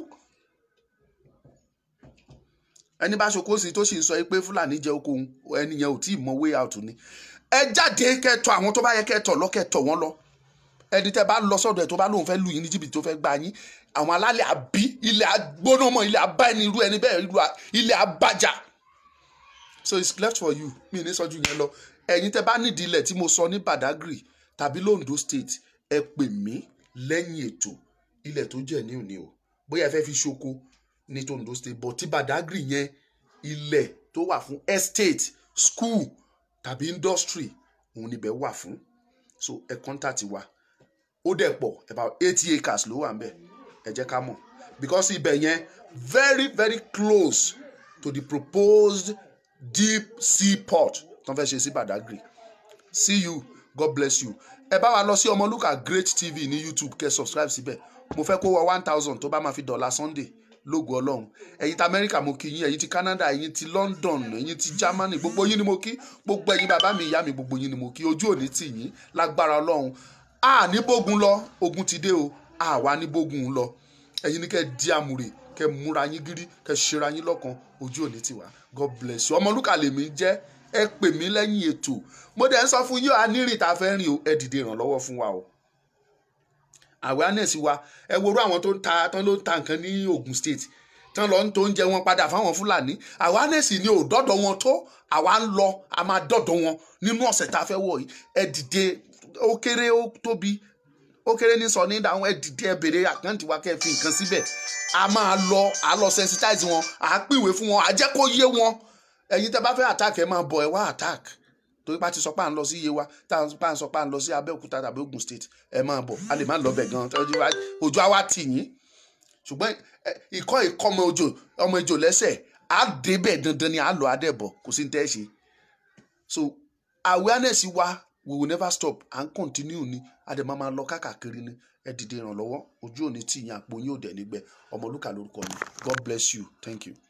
ẹni bá ṣokó sí tó sì ń sọ pé fúlàní jẹ oko ẹnìyẹn ò tí ì mọ way out ni ẹ jáde kẹtọ àwọn tó bá yẹ kẹtọ lọkẹtọ wọn lọ ẹni tẹ bá lọ sọ́dọ̀ ẹ tó bá lóun fẹ́ lù yín ní jìbìtì tó fẹ́ gbà yín àwọn alálẹ̀ àbí ilẹ̀ agbóná mọ ilẹ̀ abá ẹni irú ẹni bẹ́ẹ̀ ilẹ̀ abájà so it's left for you mi ní sọjú yẹn lọ ẹ̀yin tẹ bá nídìí ilẹ̀ tí mo sọ ní Badagry tàbí l'Ondo state ẹ pè mí lẹ́yìn ètò ilẹ̀ tó jẹ́ ní òní o bóyá ẹ fẹ́ fi ṣoko ní tondo state but ti badagry yẹn ilẹ̀ tó wà fún estate school tàbí industry òun níbẹ̀ wà fún so ẹ contact wa ó dẹ̀ pọ̀ about eighty acres ló wà níbẹ̀ ẹ jẹ́ ká mọ̀ because ibẹ̀ yẹn very very close to the proposed deep sea port tó ń fẹ́ ṣe sí badagry see you god bless you ẹ bá wa lọ sí Ọmọlúkà Great TV ní YouTube kẹ́ subscribe síbẹ̀ mo fẹ́ kó wọ one thousand tó bá máa fi dọ̀la Sunday lógo ọlọ́run ẹ̀yin ti amẹ́ríkà mo kí yín ẹ̀yin ti canada ẹ̀yin ti london ẹ̀yin ti germany gbogbo yín ni mo kí gbogbo ẹ̀yin bàbá mi ìyá mi gbogbo yín ni mo kí ojú òní tì yín lágbára ọlọ́run a ní bógun lọ ogun ti dé o a wà ní bógun lọ ẹ̀yin ni kẹ́ di àmùrè kẹ́ múra yín gírí kẹ́ ṣera yín lọ́kan ojú òní tì wá god bless you ọmọlúkà lèmi jẹ́ ẹ pè mí lẹ́yìn ètò mo dẹ̀ ń sọ fún yín ànírìn tá rìn o ẹ dìde ìrànlọ́wọ́ fún wa o awareness wa ẹ worú àwọn tó ń ta tán ló ń ta nǹkan ní Ogun State tán lọ ń tó oúnjẹ wọn padà fáwọn Fúlàní awareness ni ò dọ́dọ̀ wọn tó àwa ń lọ a máa dọ́dọ̀ wọn nínú ọ̀sẹ̀ tá a fẹ́ wọ̀ yìí ẹ dìde ó kéré ó tóbi ó kéré ní sọ ní ìdáhùn ẹ dìde ẹ bèrè àkáǹtì wa kẹ́ fi nǹkan síbẹ̀ a máa lọ a lọ sensitize wọn à á pìwé fún wọn à á jẹ́ kó yé wọn ẹ̀yin tẹ́ bá fẹ́ attack ẹ máa bọ̀ ẹ wá attack torí pa ti sọ pa ń lọ sí Yewa tá pa ń sọ pa ń lọ sí Abẹ́òkúta tàbí Ogun State ẹ máa bọ̀ a lè má lọ bẹ̀ gan ojú àwa tì yín ṣùgbọ́n ikọ́ ikọ́ ọmọ ejò lẹ́sẹ̀ á débẹ̀ dandan ni á lọ adẹ́bọ̀ kò sí tẹ́ ṣe so awareness wa we will never stop and continue ni adẹ́mọ́ máa lọ káàkiri ni ẹ dìde ìrànlọ́wọ́ ojú òní tì yín àpò yín ò nígbẹ́ Ọmọlúkà lórúkọ mi God bless you thank you.